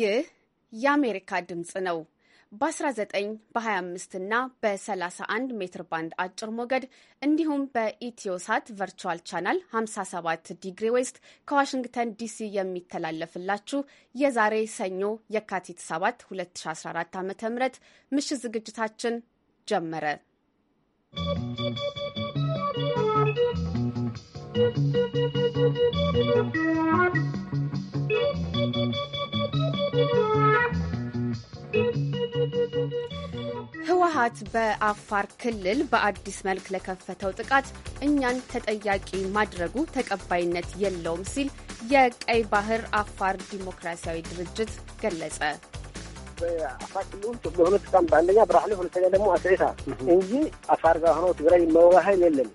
ይህ የአሜሪካ ድምፅ ነው። በ19 በ25 እና በ31 ሜትር ባንድ አጭር ሞገድ እንዲሁም በኢትዮሳት ቨርቹዋል ቻናል 57 ዲግሪ ዌስት ከዋሽንግተን ዲሲ የሚተላለፍላችሁ የዛሬ ሰኞ የካቲት 7 2014 ዓ ም ምሽት ዝግጅታችን ጀመረ። ህወሀት በአፋር ክልል በአዲስ መልክ ለከፈተው ጥቃት እኛን ተጠያቂ ማድረጉ ተቀባይነት የለውም ሲል የቀይ ባህር አፋር ዲሞክራሲያዊ ድርጅት ገለጸ። በአፋር ክልል በሁለት በአንደኛ ሁለተኛ ደግሞ እንጂ አፋር ጋር ሆኖ ትግራይ መዋሀል የለም።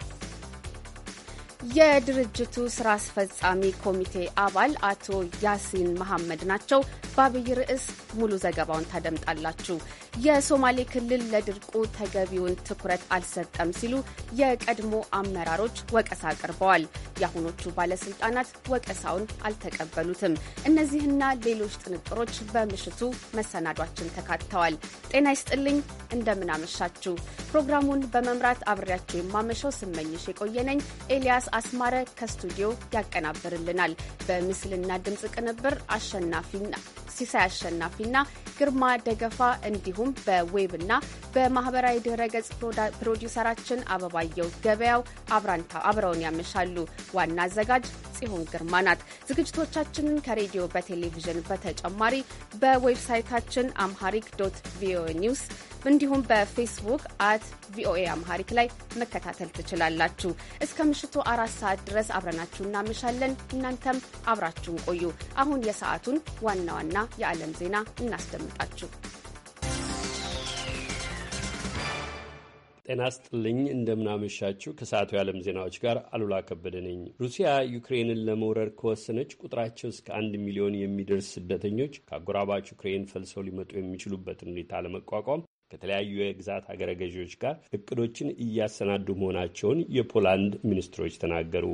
የድርጅቱ ስራ አስፈጻሚ ኮሚቴ አባል አቶ ያሲን መሐመድ ናቸው። በአብይ ርዕስ ሙሉ ዘገባውን ታደምጣላችሁ። የሶማሌ ክልል ለድርቁ ተገቢውን ትኩረት አልሰጠም ሲሉ የቀድሞ አመራሮች ወቀሳ አቅርበዋል። የአሁኖቹ ባለስልጣናት ወቀሳውን አልተቀበሉትም። እነዚህና ሌሎች ጥንቅሮች በምሽቱ መሰናዷችን ተካትተዋል። ጤና ይስጥልኝ፣ እንደምናመሻችሁ። ፕሮግራሙን በመምራት አብሬያቸው የማመሸው ስመኝሽ የቆየነኝ። ኤልያስ አስማረ ከስቱዲዮ ያቀናብርልናል። በምስልና ድምፅ ቅንብር አሸናፊና ሲሳይ አሸናፊና ግርማ ደገፋ እንዲሁም እንዲሁም በዌብና በማህበራዊ ገጽ ፕሮዲውሰራችን አበባየው ገበያው አብራንታ አብረውን ያመሻሉ። ዋና አዘጋጅ ጽሆን ግርማ ናት። ዝግጅቶቻችንን ከሬዲዮ በቴሌቪዥን በተጨማሪ በዌብሳይታችን አምሃሪክ ዶት ቪኦኤ ኒውስ እንዲሁም በፌስቡክ አት ቪኦኤ አምሃሪክ ላይ መከታተል ትችላላችሁ። እስከ ምሽቱ አራት ሰዓት ድረስ አብረናችሁ እናመሻለን። እናንተም አብራችሁን ቆዩ። አሁን የሰዓቱን ዋና ዋና የዓለም ዜና እናስደምጣችሁ። ጤና ስጥልኝ እንደምናመሻችሁ። ከሰዓቱ የዓለም ዜናዎች ጋር አሉላ ከበደ ነኝ። ሩሲያ ዩክሬንን ለመውረር ከወሰነች ቁጥራቸው እስከ አንድ ሚሊዮን የሚደርስ ስደተኞች ከአጎራባች ዩክሬን ፈልሰው ሊመጡ የሚችሉበትን ሁኔታ ለመቋቋም ከተለያዩ የግዛት ሀገረ ገዢዎች ጋር እቅዶችን እያሰናዱ መሆናቸውን የፖላንድ ሚኒስትሮች ተናገሩ።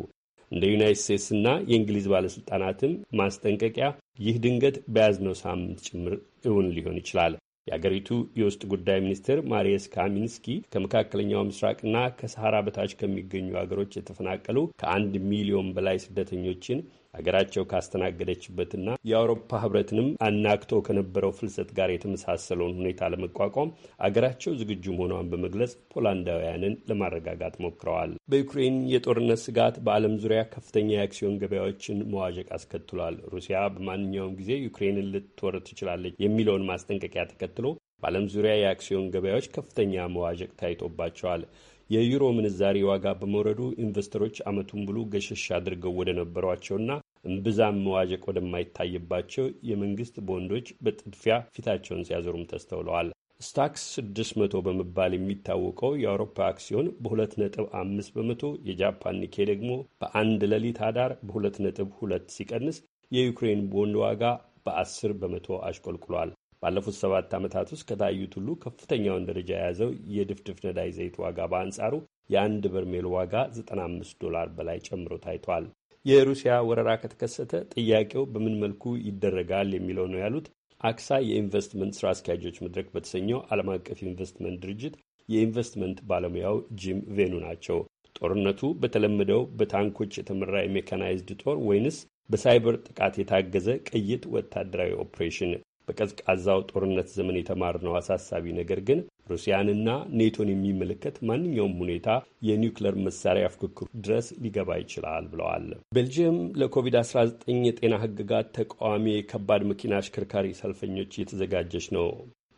እንደ ዩናይት ስቴትስና የእንግሊዝ ባለሥልጣናትም ማስጠንቀቂያ ይህ ድንገት በያዝነው ሳምንት ጭምር እውን ሊሆን ይችላል። የአገሪቱ የውስጥ ጉዳይ ሚኒስትር ማሪየስ ካሚንስኪ ከመካከለኛው ምስራቅና ከሰሃራ በታች ከሚገኙ አገሮች የተፈናቀሉ ከአንድ ሚሊዮን በላይ ስደተኞችን አገራቸው ካስተናገደችበትና የአውሮፓ ህብረትንም አናግቶ ከነበረው ፍልሰት ጋር የተመሳሰለውን ሁኔታ ለመቋቋም አገራቸው ዝግጁ መሆኗን በመግለጽ ፖላንዳውያንን ለማረጋጋት ሞክረዋል። በዩክሬን የጦርነት ስጋት በዓለም ዙሪያ ከፍተኛ የአክሲዮን ገበያዎችን መዋዠቅ አስከትሏል። ሩሲያ በማንኛውም ጊዜ ዩክሬንን ልትወር ትችላለች የሚለውን ማስጠንቀቂያ ተከትሎ በዓለም ዙሪያ የአክሲዮን ገበያዎች ከፍተኛ መዋዠቅ ታይቶባቸዋል። የዩሮ ምንዛሪ ዋጋ በመውረዱ ኢንቨስተሮች ዓመቱን ብሉ ገሸሽ አድርገው ወደ ነበሯቸውና እምብዛም መዋዠቅ ወደማይታይባቸው የመንግስት ቦንዶች በጥድፊያ ፊታቸውን ሲያዞሩም ተስተውለዋል። ስታክስ 600 በመባል የሚታወቀው የአውሮፓ አክሲዮን በ2.5 በመቶ የጃፓን ኒኬ ደግሞ በአንድ ሌሊት አዳር በ2.2 ሲቀንስ የዩክሬን ቦንድ ዋጋ በ10 በመቶ አሽቆልቁሏል። ባለፉት ሰባት ዓመታት ውስጥ ከታዩት ሁሉ ከፍተኛውን ደረጃ የያዘው የድፍድፍ ነዳጅ ዘይት ዋጋ በአንጻሩ የአንድ በርሜል ዋጋ 95 ዶላር በላይ ጨምሮ ታይቷል። የሩሲያ ወረራ ከተከሰተ ጥያቄው በምን መልኩ ይደረጋል የሚለው ነው ያሉት አክሳ የኢንቨስትመንት ስራ አስኪያጆች መድረክ በተሰኘው ዓለም አቀፍ ኢንቨስትመንት ድርጅት የኢንቨስትመንት ባለሙያው ጂም ቬኑ ናቸው። ጦርነቱ በተለመደው በታንኮች የተመራ የሜካናይዝድ ጦር ወይንስ በሳይበር ጥቃት የታገዘ ቅይጥ ወታደራዊ ኦፕሬሽን በቀዝቃዛው ጦርነት ዘመን የተማርነው አሳሳቢ ነገር ግን ሩሲያንና ኔቶን የሚመለከት ማንኛውም ሁኔታ የኒውክለር መሳሪያ ፉክክሩ ድረስ ሊገባ ይችላል ብለዋል። ቤልጅየም ለኮቪድ-19 የጤና ህግጋት ተቃዋሚ የከባድ መኪና አሽከርካሪ ሰልፈኞች እየተዘጋጀች ነው።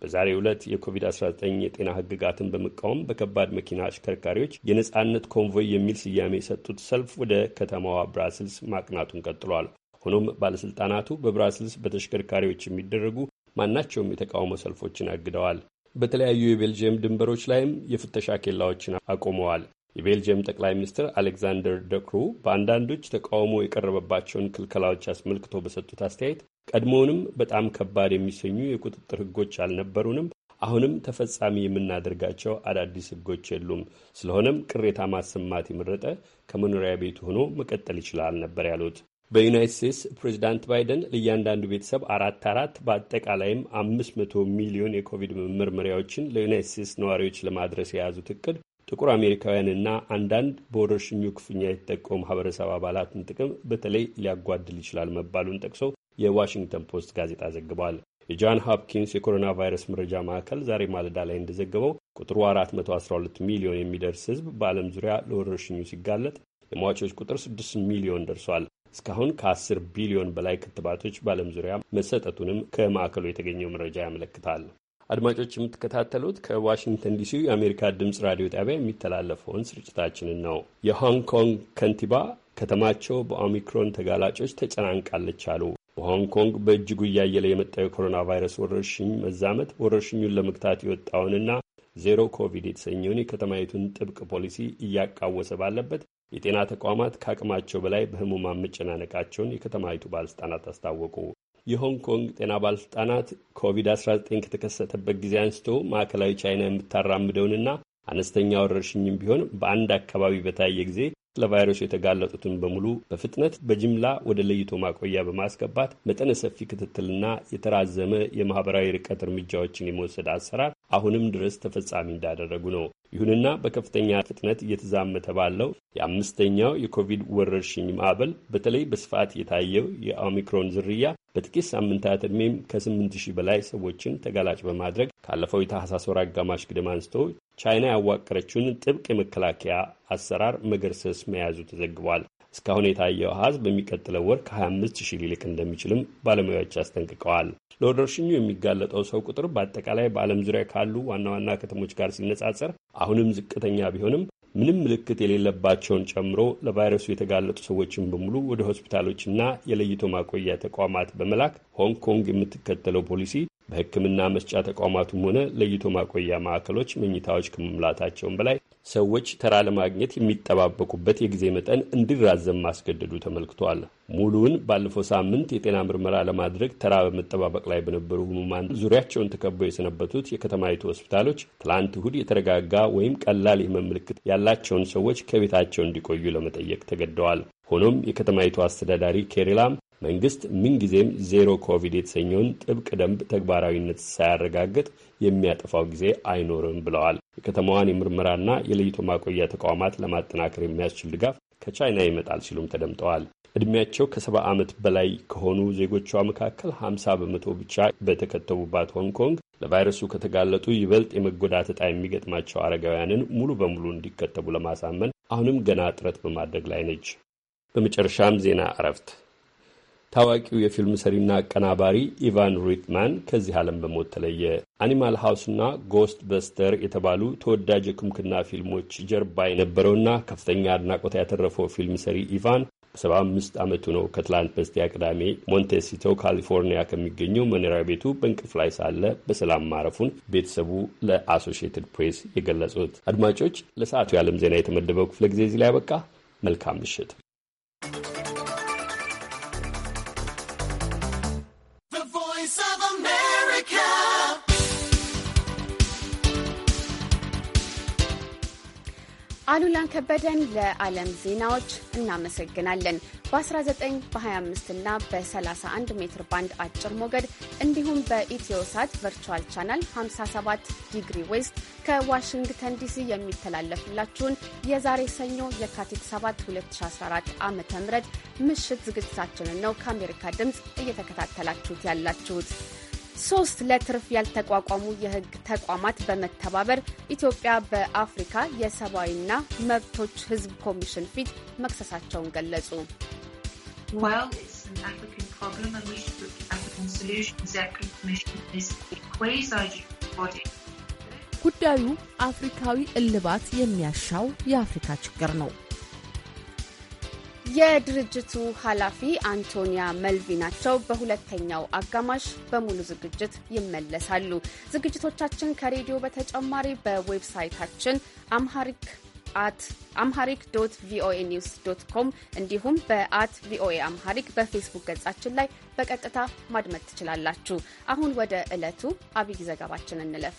በዛሬ ዕለት የኮቪድ-19 የጤና ህግጋትን በመቃወም በከባድ መኪና አሽከርካሪዎች የነጻነት ኮንቮይ የሚል ስያሜ የሰጡት ሰልፍ ወደ ከተማዋ ብራስልስ ማቅናቱን ቀጥሏል። ሆኖም ባለሥልጣናቱ በብራስልስ በተሽከርካሪዎች የሚደረጉ ማናቸውም የተቃውሞ ሰልፎችን አግደዋል። በተለያዩ የቤልጅየም ድንበሮች ላይም የፍተሻ ኬላዎችን አቆመዋል። የቤልጅየም ጠቅላይ ሚኒስትር አሌክዛንደር ደክሩ በአንዳንዶች ተቃውሞ የቀረበባቸውን ክልከላዎች አስመልክቶ በሰጡት አስተያየት ቀድሞውንም በጣም ከባድ የሚሰኙ የቁጥጥር ሕጎች አልነበሩንም። አሁንም ተፈጻሚ የምናደርጋቸው አዳዲስ ሕጎች የሉም። ስለሆነም ቅሬታ ማሰማት የመረጠ ከመኖሪያ ቤቱ ሆኖ መቀጠል ይችላል ነበር ያሉት። በዩናይት ስቴትስ ፕሬዚዳንት ባይደን ለእያንዳንዱ ቤተሰብ አራት አራት በአጠቃላይም አምስት መቶ ሚሊዮን የኮቪድ መመርመሪያዎችን ለዩናይት ስቴትስ ነዋሪዎች ለማድረስ የያዙት እቅድ ጥቁር አሜሪካውያንና አንዳንድ በወረርሽኙ ክፉኛ የተጠቀው ማህበረሰብ አባላትን ጥቅም በተለይ ሊያጓድል ይችላል መባሉን ጠቅሶ የዋሽንግተን ፖስት ጋዜጣ ዘግቧል። የጆን ሆፕኪንስ የኮሮና ቫይረስ መረጃ ማዕከል ዛሬ ማለዳ ላይ እንደዘገበው ቁጥሩ 412 ሚሊዮን የሚደርስ ህዝብ በዓለም ዙሪያ ለወረርሽኙ ሲጋለጥ የሟቾች ቁጥር 6 ሚሊዮን ደርሷል። እስካሁን ከ10 ቢሊዮን በላይ ክትባቶች በዓለም ዙሪያ መሰጠቱንም ከማዕከሉ የተገኘው መረጃ ያመለክታል። አድማጮች የምትከታተሉት ከዋሽንግተን ዲሲ የአሜሪካ ድምፅ ራዲዮ ጣቢያ የሚተላለፈውን ስርጭታችንን ነው። የሆንግ ኮንግ ከንቲባ ከተማቸው በኦሚክሮን ተጋላጮች ተጨናንቃለች አሉ። በሆንግ ኮንግ በእጅጉ እያየለ የመጣው የኮሮና ቫይረስ ወረርሽኝ መዛመት ወረርሽኙን ለመግታት የወጣውንና ዜሮ ኮቪድ የተሰኘውን የከተማይቱን ጥብቅ ፖሊሲ እያቃወሰ ባለበት የጤና ተቋማት ከአቅማቸው በላይ በህሙማን መጨናነቃቸውን የከተማይቱ ባለስልጣናት አስታወቁ። የሆንግ ኮንግ ጤና ባለስልጣናት ኮቪድ-19 ከተከሰተበት ጊዜ አንስቶ ማዕከላዊ ቻይና የምታራምደውንና አነስተኛ ወረርሽኝም ቢሆን በአንድ አካባቢ በታየ ጊዜ ለቫይረሱ የተጋለጡትን በሙሉ በፍጥነት በጅምላ ወደ ለይቶ ማቆያ በማስገባት መጠነ ሰፊ ክትትልና የተራዘመ የማህበራዊ ርቀት እርምጃዎችን የመወሰድ አሰራር አሁንም ድረስ ተፈጻሚ እንዳደረጉ ነው። ይሁንና በከፍተኛ ፍጥነት እየተዛመተ ባለው የአምስተኛው የኮቪድ ወረርሽኝ ማዕበል በተለይ በስፋት የታየው የኦሚክሮን ዝርያ በጥቂት ሳምንታት ዕድሜም ከ8 ሺህ በላይ ሰዎችን ተጋላጭ በማድረግ ካለፈው የታህሳስ ወር አጋማሽ ግድም አንስቶ ቻይና ያዋቀረችውን ጥብቅ የመከላከያ አሰራር መገርሰስ መያዙ ተዘግቧል። እስካሁን የታየው አሃዝ በሚቀጥለው ወር ከ25 ሺህ ሊልቅ እንደሚችልም ባለሙያዎች አስጠንቅቀዋል። ለወረርሽኙ የሚጋለጠው ሰው ቁጥር በአጠቃላይ በዓለም ዙሪያ ካሉ ዋና ዋና ከተሞች ጋር ሲነጻጸር አሁንም ዝቅተኛ ቢሆንም ምንም ምልክት የሌለባቸውን ጨምሮ ለቫይረሱ የተጋለጡ ሰዎችን በሙሉ ወደ ሆስፒታሎችና የለይቶ ማቆያ ተቋማት በመላክ ሆንግ ኮንግ የምትከተለው ፖሊሲ በሕክምና መስጫ ተቋማቱም ሆነ ለይቶ ማቆያ ማዕከሎች መኝታዎች ከመምላታቸውም በላይ ሰዎች ተራ ለማግኘት የሚጠባበቁበት የጊዜ መጠን እንዲራዘም ማስገደዱ ተመልክቷል። ሙሉውን ባለፈው ሳምንት የጤና ምርመራ ለማድረግ ተራ በመጠባበቅ ላይ በነበሩ ህሙማን ዙሪያቸውን ተከበው የሰነበቱት የከተማይቱ ሆስፒታሎች ትላንት እሁድ የተረጋጋ ወይም ቀላል የህመም ምልክት ያላቸውን ሰዎች ከቤታቸው እንዲቆዩ ለመጠየቅ ተገደዋል። ሆኖም የከተማይቱ አስተዳዳሪ ኬሪላም መንግስት ምንጊዜም ዜሮ ኮቪድ የተሰኘውን ጥብቅ ደንብ ተግባራዊነት ሳያረጋግጥ የሚያጠፋው ጊዜ አይኖርም ብለዋል። የከተማዋን የምርመራና የለይቶ ማቆያ ተቋማት ለማጠናከር የሚያስችል ድጋፍ ከቻይና ይመጣል ሲሉም ተደምጠዋል። እድሜያቸው ከሰባ ዓመት በላይ ከሆኑ ዜጎቿ መካከል 50 በመቶ ብቻ በተከተቡባት ሆንግ ኮንግ ለቫይረሱ ከተጋለጡ ይበልጥ የመጎዳት ዕጣ የሚገጥማቸው አረጋውያንን ሙሉ በሙሉ እንዲከተቡ ለማሳመን አሁንም ገና ጥረት በማድረግ ላይ ነች። በመጨረሻም ዜና እረፍት ታዋቂው የፊልም ሰሪና አቀናባሪ ኢቫን ሪትማን ከዚህ ዓለም በሞት ተለየ። አኒማል ሃውስና ጎስት በስተር የተባሉ ተወዳጅ ክምክና ፊልሞች ጀርባ የነበረውና ከፍተኛ አድናቆት ያተረፈው ፊልም ሰሪ ኢቫን ሰባ አምስት ዓመቱ ነው። ከትላንት በስቲያ ቅዳሜ ሞንቴሲቶ ካሊፎርኒያ ከሚገኘው መኖሪያ ቤቱ በእንቅልፍ ላይ ሳለ በሰላም ማረፉን ቤተሰቡ ለአሶሺየትድ ፕሬስ የገለጹት። አድማጮች፣ ለሰዓቱ የዓለም ዜና የተመደበው ክፍለ ጊዜ እዚህ ላይ ያበቃ። መልካም ምሽት። አሉላን ከበደን ለዓለም ዜናዎች እናመሰግናለን። በ19 በ25 እና በ31 ሜትር ባንድ አጭር ሞገድ እንዲሁም በኢትዮሳት ቨርቹዋል ቻናል 57 ዲግሪ ዌስት ከዋሽንግተን ዲሲ የሚተላለፍላችሁን የዛሬ ሰኞ የካቲት 7 2014 ዓ ም ምሽት ዝግጅታችንን ነው ከአሜሪካ ድምፅ እየተከታተላችሁት ያላችሁት። ሶስት ለትርፍ ያልተቋቋሙ የህግ ተቋማት በመተባበር ኢትዮጵያ በአፍሪካ የሰብአዊና መብቶች ህዝብ ኮሚሽን ፊት መክሰሳቸውን ገለጹ። ጉዳዩ አፍሪካዊ እልባት የሚያሻው የአፍሪካ ችግር ነው። የድርጅቱ ኃላፊ አንቶኒያ መልቪ ናቸው። በሁለተኛው አጋማሽ በሙሉ ዝግጅት ይመለሳሉ። ዝግጅቶቻችን ከሬዲዮ በተጨማሪ በዌብሳይታችን አምሃሪክ አት አምሃሪክ ዶት ቪኦኤ ኒውስ ዶት ኮም እንዲሁም በአት ቪኦኤ አምሃሪክ በፌስቡክ ገጻችን ላይ በቀጥታ ማድመጥ ትችላላችሁ። አሁን ወደ ዕለቱ አብይ ዘገባችን እንለፍ።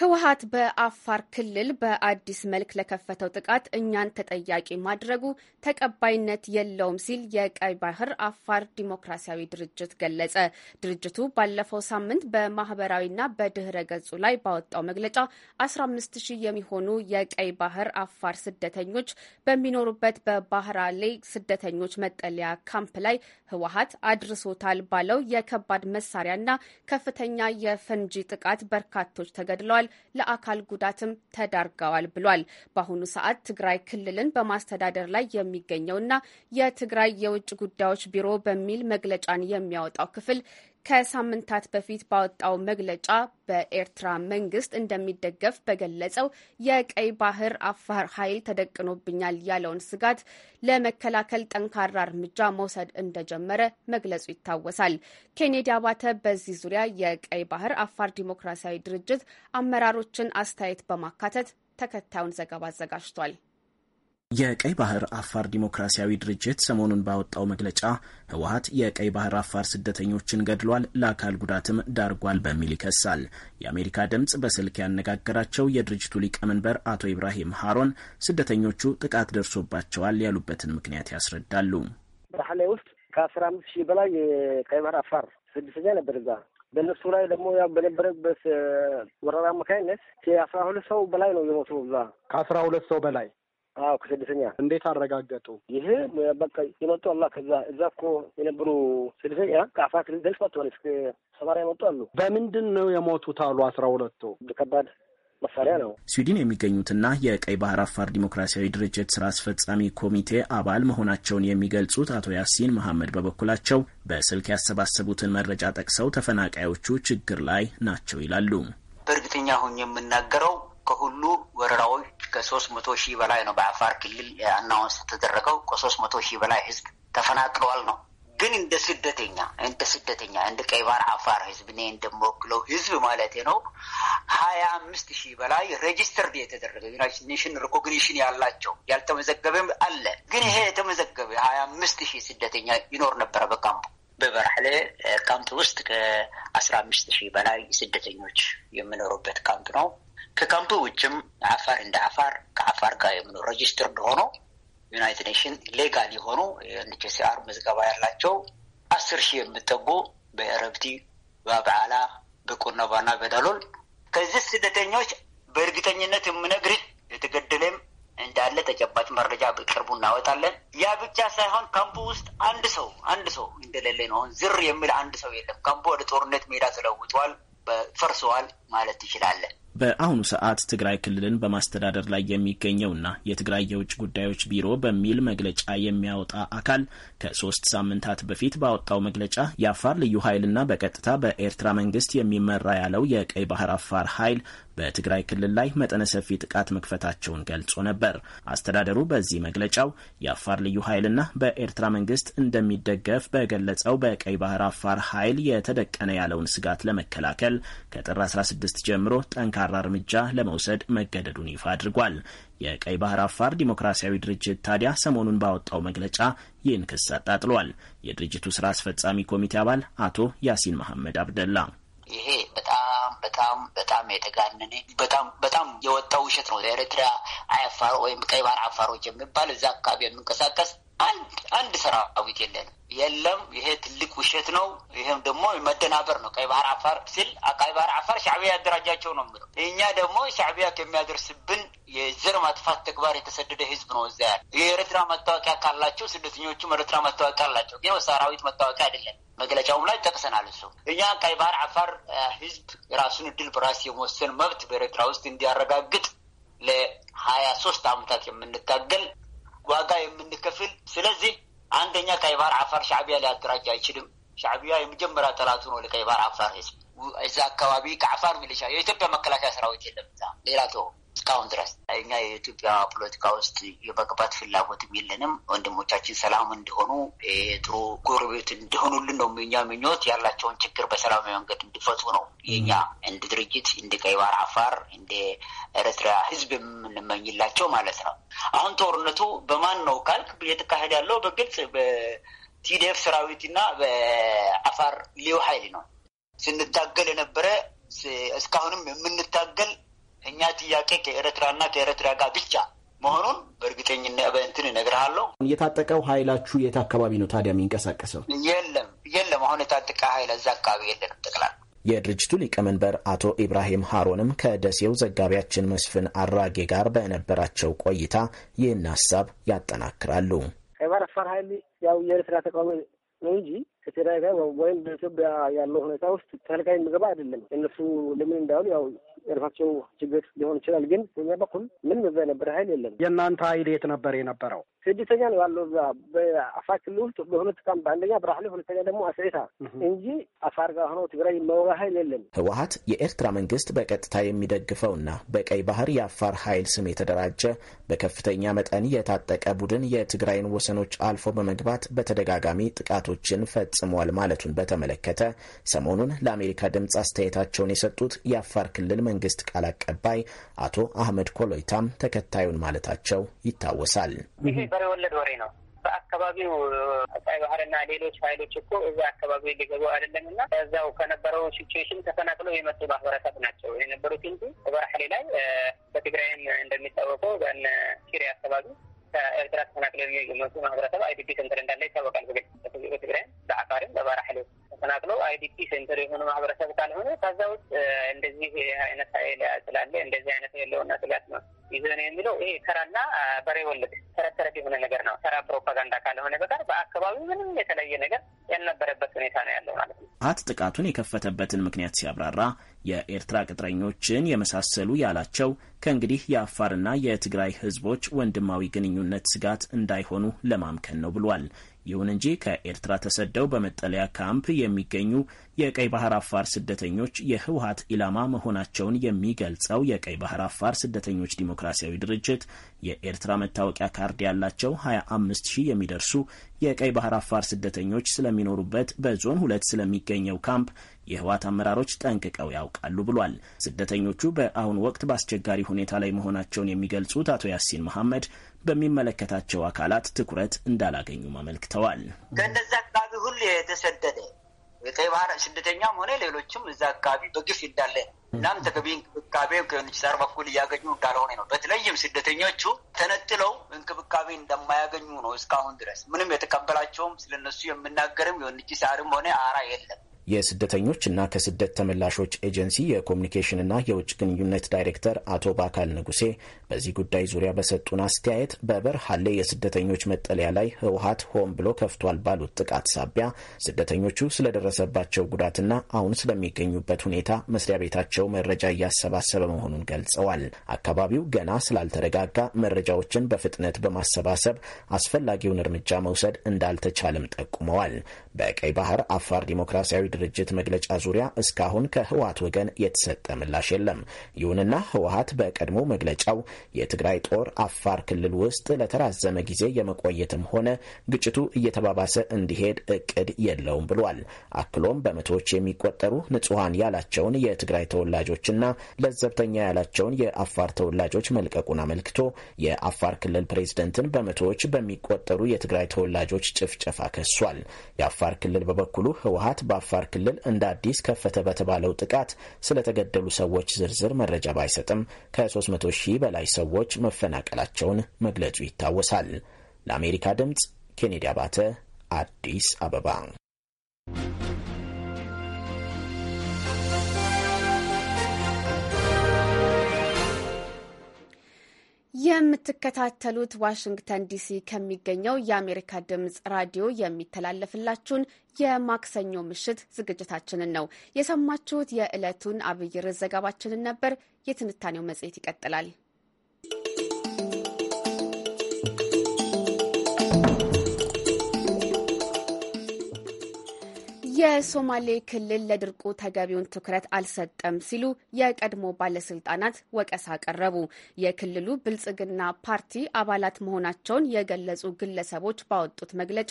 ህወሀት በአፋር ክልል በአዲስ መልክ ለከፈተው ጥቃት እኛን ተጠያቂ ማድረጉ ተቀባይነት የለውም ሲል የቀይ ባህር አፋር ዲሞክራሲያዊ ድርጅት ገለጸ። ድርጅቱ ባለፈው ሳምንት በማህበራዊና በድህረ ገጹ ላይ ባወጣው መግለጫ 15 ሺህ የሚሆኑ የቀይ ባህር አፋር ስደተኞች በሚኖሩበት በባህራሌ ስደተኞች መጠለያ ካምፕ ላይ ህወሀት አድርሶታል ባለው የከባድ መሳሪያና ከፍተኛ የፈንጂ ጥቃት በርካቶች ተገድለዋል በመቁሰል ለአካል ጉዳትም ተዳርገዋል ብሏል። በአሁኑ ሰዓት ትግራይ ክልልን በማስተዳደር ላይ የሚገኘውና የትግራይ የውጭ ጉዳዮች ቢሮ በሚል መግለጫን የሚያወጣው ክፍል ከሳምንታት በፊት ባወጣው መግለጫ በኤርትራ መንግስት እንደሚደገፍ በገለጸው የቀይ ባህር አፋር ኃይል ተደቅኖብኛል ያለውን ስጋት ለመከላከል ጠንካራ እርምጃ መውሰድ እንደጀመረ መግለጹ ይታወሳል። ኬኔዲ አባተ በዚህ ዙሪያ የቀይ ባህር አፋር ዲሞክራሲያዊ ድርጅት አመራሮችን አስተያየት በማካተት ተከታዩን ዘገባ አዘጋጅቷል። የቀይ ባህር አፋር ዲሞክራሲያዊ ድርጅት ሰሞኑን ባወጣው መግለጫ ህወሀት የቀይ ባህር አፋር ስደተኞችን ገድሏል፣ ለአካል ጉዳትም ዳርጓል በሚል ይከሳል። የአሜሪካ ድምፅ በስልክ ያነጋገራቸው የድርጅቱ ሊቀመንበር አቶ ኢብራሂም ሀሮን ስደተኞቹ ጥቃት ደርሶባቸዋል ያሉበትን ምክንያት ያስረዳሉ። ባህላይ ውስጥ ከአስራ አምስት ሺህ በላይ የቀይ ባህር አፋር ስደተኛ ነበር እዛ በእነሱ ላይ ደግሞ ያው በነበረበት ወረራ አማካኝነት ከአስራ ሁለት ሰው በላይ ነው የሞቱ እዛ ከአስራ ሁለት ሰው በላይ አዎ ከስደተኛ እንዴት አረጋገጡ? ይሄ በቃ የመጡ አላ ከዛ እዛ እኮ የነበሩ ስደተኛ ከአፋር ክልል ደርስ መጥተዋል። እስከ ሰማሪያ መጡ አሉ። በምንድን ነው የሞቱት አሉ? አስራ ሁለቱ ከባድ መሳሪያ ነው። ስዊድን የሚገኙትና የቀይ ባህር አፋር ዲሞክራሲያዊ ድርጅት ስራ አስፈጻሚ ኮሚቴ አባል መሆናቸውን የሚገልጹት አቶ ያሲን መሐመድ በበኩላቸው በስልክ ያሰባሰቡትን መረጃ ጠቅሰው ተፈናቃዮቹ ችግር ላይ ናቸው ይላሉ። በእርግጠኛ ሆኜ የምናገረው ከሁሉ ወረዳዎች ከሶስት መቶ ሺህ በላይ ነው በአፋር ክልል አናውንስ የተደረገው። ከሶስት መቶ ሺህ በላይ ህዝብ ተፈናቅለዋል ነው ግን እንደ ስደተኛ እንደ ስደተኛ እንደ ቀይ ባህር አፋር ህዝብ እኔ እንደምወክለው ህዝብ ማለት ነው ሀያ አምስት ሺህ በላይ ሬጂስተርድ የተደረገ ዩናይትድ ኔሽን ሪኮግኒሽን ያላቸው ያልተመዘገበም አለ። ግን ይሄ የተመዘገበ ሀያ አምስት ሺህ ስደተኛ ይኖር ነበረ በካምፕ በበራህሌ ካምፕ ውስጥ ከአስራ አምስት ሺህ በላይ ስደተኞች የሚኖሩበት ካምፕ ነው። ከካምፕ ውጭም አፋር እንደ አፋር ከአፋር ጋር የምኖ ሬጅስተርድ ሆኖ ዩናይትድ ኔሽን ሌጋል የሆኑ ኤንኤችሲአር መዝገባ ያላቸው አስር ሺህ የምጠጉ በእረብቲ በበዓላ በቁነባና በዳሎል ከዚህ ስደተኞች በእርግጠኝነት የምነግር የተገደለም እንዳለ ተጨባጭ መረጃ በቅርቡ እናወጣለን። ያ ብቻ ሳይሆን ካምፕ ውስጥ አንድ ሰው አንድ ሰው እንደሌለ ነው። ዝር የሚል አንድ ሰው የለም። ካምፕ ወደ ጦርነት ሜዳ ተለውጧል፣ ፈርሰዋል ማለት ትችላለን። በአሁኑ ሰዓት ትግራይ ክልልን በማስተዳደር ላይ የሚገኘውና የትግራይ የውጭ ጉዳዮች ቢሮ በሚል መግለጫ የሚያወጣ አካል ከሶስት ሳምንታት በፊት ባወጣው መግለጫ የአፋር ልዩ ኃይልና በቀጥታ በኤርትራ መንግስት የሚመራ ያለው የቀይ ባህር አፋር ኃይል በትግራይ ክልል ላይ መጠነ ሰፊ ጥቃት መክፈታቸውን ገልጾ ነበር። አስተዳደሩ በዚህ መግለጫው የአፋር ልዩ ኃይልና በኤርትራ መንግስት እንደሚደገፍ በገለጸው በቀይ ባህር አፋር ኃይል የተደቀነ ያለውን ስጋት ለመከላከል ከጥር 16 ጀምሮ ጠንካራ እርምጃ ለመውሰድ መገደዱን ይፋ አድርጓል። የቀይ ባህር አፋር ዲሞክራሲያዊ ድርጅት ታዲያ ሰሞኑን ባወጣው መግለጫ ይህን ክስ አጣጥሏል። የድርጅቱ ስራ አስፈጻሚ ኮሚቴ አባል አቶ ያሲን መሐመድ አብደላ ይሄ በጣም በጣም በጣም የተጋነነ በጣም በጣም የወጣው ውሸት ነው። ኤርትራ አፋር ወይም ቀይ ባህር አፋሮች የሚባል እዛ አካባቢ የምንቀሳቀስ አንድ አንድ ሰራዊት የለንም የለም። ይሄ ትልቅ ውሸት ነው። ይህም ደግሞ መደናበር ነው። ቀይ ባህር አፋር ሲል ቀይ ባህር አፋር ሻዕቢያ ያደራጃቸው ነው የምለው። እኛ ደግሞ ሻዕቢያ ከሚያደርስብን የዘር ማጥፋት ተግባር የተሰደደ ህዝብ ነው። እዛ ያለ የኤርትራ መታወቂያ ካላቸው ስደተኞቹም ኤርትራ መታወቂያ አላቸው፣ ግን ሰራዊት መታወቂያ አይደለም። መግለጫውም ላይ ጠቅሰናል። እሱ እኛ ቀይ ባህር አፋር ህዝብ የራሱን እድል በራስ የመወሰን መብት በኤርትራ ውስጥ እንዲያረጋግጥ ለሀያ ሶስት አመታት የምንታገል ዋጋ የምንከፍል። ስለዚህ አንደኛ ባህር አፋር ሻዕቢያ ሊያደራጅ አይችልም። ሻዕቢያ የመጀመሪያ ጠላቱ ነው ለከይባር አፋር ህዝብ። እዛ አካባቢ ከአፋር ሚሊሻ የኢትዮጵያ መከላከያ ሰራዊት የለም። ሌላ ተወው እስካሁን ድረስ እኛ የኢትዮጵያ ፖለቲካ ውስጥ የመግባት ፍላጎትም የለንም። ወንድሞቻችን ሰላም እንደሆኑ ጥሩ ጎረቤት እንደሆኑልን ነው የኛ ምኞት። ያላቸውን ችግር በሰላማዊ መንገድ እንዲፈቱ ነው የኛ እንደ ድርጅት እንደ ቀይ ባህር አፋር፣ እንደ ኤርትራ ህዝብ የምንመኝላቸው ማለት ነው። አሁን ጦርነቱ በማን ነው ካልክ እየተካሄደ ያለው በግልጽ በቲዲኤፍ ሰራዊት በአፋር ልዩ ኃይል ነው ስንታገል የነበረ እስካሁንም የምንታገል እኛ ጥያቄ ከኤርትራና ከኤርትራ ጋር ብቻ መሆኑን በእርግጠኝነት በእንትን እነግርሃለሁ። የታጠቀው ኃይላችሁ የት አካባቢ ነው ታዲያ የሚንቀሳቀሰው? የለም የለም፣ አሁን የታጠቀ ኃይል እዛ አካባቢ የለንም ጠቅላላ የድርጅቱ ሊቀመንበር አቶ ኢብራሂም ሀሮንም ከደሴው ዘጋቢያችን መስፍን አራጌ ጋር በነበራቸው ቆይታ ይህን ሀሳብ ያጠናክራሉ። ቀይ አፋር ኃይል ያው የኤርትራ ተቃዋሚ ነው እንጂ ከትግራይ ጋር ወይም በኢትዮጵያ ያለው ሁኔታ ውስጥ ጣልቃ ምግባ አይደለም። እነሱ ለምን እንዳሉ ያው የራሳቸው ችግር ሊሆን ይችላል። ግን በኛ በኩል ምን እዛ የነበረ ሀይል የለም። የእናንተ ሀይል የት ነበር የነበረው? ስድስተኛ ነው ያለው እዛ በአፋር ክልል ውስጥ በሁለት ካምፕ፣ አንደኛ ብራህሌ፣ ሁለተኛ ደግሞ አስዒታ እንጂ አፋር ጋር ሆኖ ትግራይ የሚወጋ ሀይል የለም። ህወሀት የኤርትራ መንግስት በቀጥታ የሚደግፈውና በቀይ ባህር የአፋር ሀይል ስም የተደራጀ በከፍተኛ መጠን የታጠቀ ቡድን የትግራይን ወሰኖች አልፎ በመግባት በተደጋጋሚ ጥቃቶችን ፈጥ ፈጽመዋል ማለቱን በተመለከተ ሰሞኑን ለአሜሪካ ድምፅ አስተያየታቸውን የሰጡት የአፋር ክልል መንግስት ቃል አቀባይ አቶ አህመድ ኮሎይታም ተከታዩን ማለታቸው ይታወሳል። ይሄ በሬ ወለድ ወሬ ነው። በአካባቢው ቀይ ባህርና ሌሎች ኃይሎች እኮ እዛ አካባቢ ሊገቡ አይደለም እና እዛው ከነበረው ሲትዌሽን ተፈናቅለው የመጡ ማህበረሰብ ናቸው የነበሩት እንጂ በበራህሌ ላይ በትግራይም እንደሚታወቀው በነ ሲሪያ አካባቢ ከኤርትራ ተፈናቅለው የሚመጡ ማህበረሰብ አይዲፒ ሴንተር እንዳለ ይታወቃል። በግል በአፋርም በባራ ሐይሎች ተፈናቅለው አይዲፒ ሴንተር የሆነ ማህበረሰብ ካልሆነ ከዛ ውስጥ እንደዚህ አይነት ኃይል ስላለ እንደዚህ አይነት የለውና ስጋት ነው ይዘን የሚለው ይሄ ተራና በሬ ወለድ ተረት ተረት የሆነ ነገር ነው። ተራ ፕሮፓጋንዳ ካልሆነ በቀር በአካባቢው ምንም የተለየ ነገር ያልነበረበት ሁኔታ ነው ያለው ማለት ነው። አት ጥቃቱን የከፈተበትን ምክንያት ሲያብራራ የኤርትራ ቅጥረኞችን የመሳሰሉ ያላቸው ከእንግዲህ የአፋርና የትግራይ ህዝቦች ወንድማዊ ግንኙነት ስጋት እንዳይሆኑ ለማምከን ነው ብሏል። ይሁን እንጂ ከኤርትራ ተሰደው በመጠለያ ካምፕ የሚገኙ የቀይ ባህር አፋር ስደተኞች የህወሀት ኢላማ መሆናቸውን የሚገልጸው የቀይ ባህር አፋር ስደተኞች ዲሞክራሲያዊ ድርጅት የኤርትራ መታወቂያ ካርድ ያላቸው 25 ሺህ የሚደርሱ የቀይ ባህር አፋር ስደተኞች ስለሚኖሩበት በዞን ሁለት ስለሚገኘው ካምፕ የህወሀት አመራሮች ጠንቅቀው ያውቃሉ ብሏል። ስደተኞቹ በአሁኑ ወቅት በአስቸጋሪ ሁኔታ ላይ መሆናቸውን የሚገልጹት አቶ ያሲን መሐመድ በሚመለከታቸው አካላት ትኩረት እንዳላገኙም አመልክተዋል። ከእነዚ አካባቢ ሁሉ የተሰደደ የቀይ ባህር ስደተኛም ሆነ ሌሎችም እዛ አካባቢ በግፍ እንዳለ እናም ተገቢ እንክብካቤ ከንችሳር በኩል እያገኙ እንዳልሆነ ነው። በተለይም ስደተኞቹ ተነጥለው እንክብካቤ እንደማያገኙ ነው። እስካሁን ድረስ ምንም የተቀበላቸውም ስለነሱ የምናገርም የንችሳርም ሆነ አራ የለም። የስደተኞችና ከስደት ተመላሾች ኤጀንሲ የኮሚኒኬሽንና የውጭ ግንኙነት ዳይሬክተር አቶ ባካል ንጉሴ በዚህ ጉዳይ ዙሪያ በሰጡን አስተያየት በበርሃሌ የስደተኞች መጠለያ ላይ ህወሀት ሆን ብሎ ከፍቷል ባሉት ጥቃት ሳቢያ ስደተኞቹ ስለደረሰባቸው ጉዳትና አሁን ስለሚገኙበት ሁኔታ መስሪያ ቤታቸው መረጃ እያሰባሰበ መሆኑን ገልጸዋል። አካባቢው ገና ስላልተረጋጋ መረጃዎችን በፍጥነት በማሰባሰብ አስፈላጊውን እርምጃ መውሰድ እንዳልተቻለም ጠቁመዋል። በቀይ ባህር አፋር ዲሞክራሲያዊ ድርጅት መግለጫ ዙሪያ እስካሁን ከህወሀት ወገን የተሰጠ ምላሽ የለም። ይሁንና ህወሀት በቀድሞ መግለጫው የትግራይ ጦር አፋር ክልል ውስጥ ለተራዘመ ጊዜ የመቆየትም ሆነ ግጭቱ እየተባባሰ እንዲሄድ እቅድ የለውም ብሏል። አክሎም በመቶዎች የሚቆጠሩ ንጹሐን ያላቸውን የትግራይ ተወላጆችና ለዘብተኛ ያላቸውን የአፋር ተወላጆች መልቀቁን አመልክቶ የአፋር ክልል ፕሬዝደንትን በመቶዎች በሚቆጠሩ የትግራይ ተወላጆች ጭፍጨፋ ከሷል። የአፋር ክልል በበኩሉ ህወሀት በአፋር ክልል እንደ አዲስ ከፈተ በተባለው ጥቃት ስለተገደሉ ሰዎች ዝርዝር መረጃ ባይሰጥም ከ300 ሺህ በላይ በላይ ሰዎች መፈናቀላቸውን መግለጹ ይታወሳል። ለአሜሪካ ድምፅ ኬኔዲ አባተ አዲስ አበባ። የምትከታተሉት ዋሽንግተን ዲሲ ከሚገኘው የአሜሪካ ድምፅ ራዲዮ የሚተላለፍላችሁን የማክሰኞ ምሽት ዝግጅታችንን ነው የሰማችሁት። የዕለቱን አብይ ርዕስ ዘገባችንን ነበር። የትንታኔው መጽሔት ይቀጥላል። የሶማሌ ክልል ለድርቁ ተገቢውን ትኩረት አልሰጠም ሲሉ የቀድሞ ባለስልጣናት ወቀሳ ቀረቡ። የክልሉ ብልጽግና ፓርቲ አባላት መሆናቸውን የገለጹ ግለሰቦች ባወጡት መግለጫ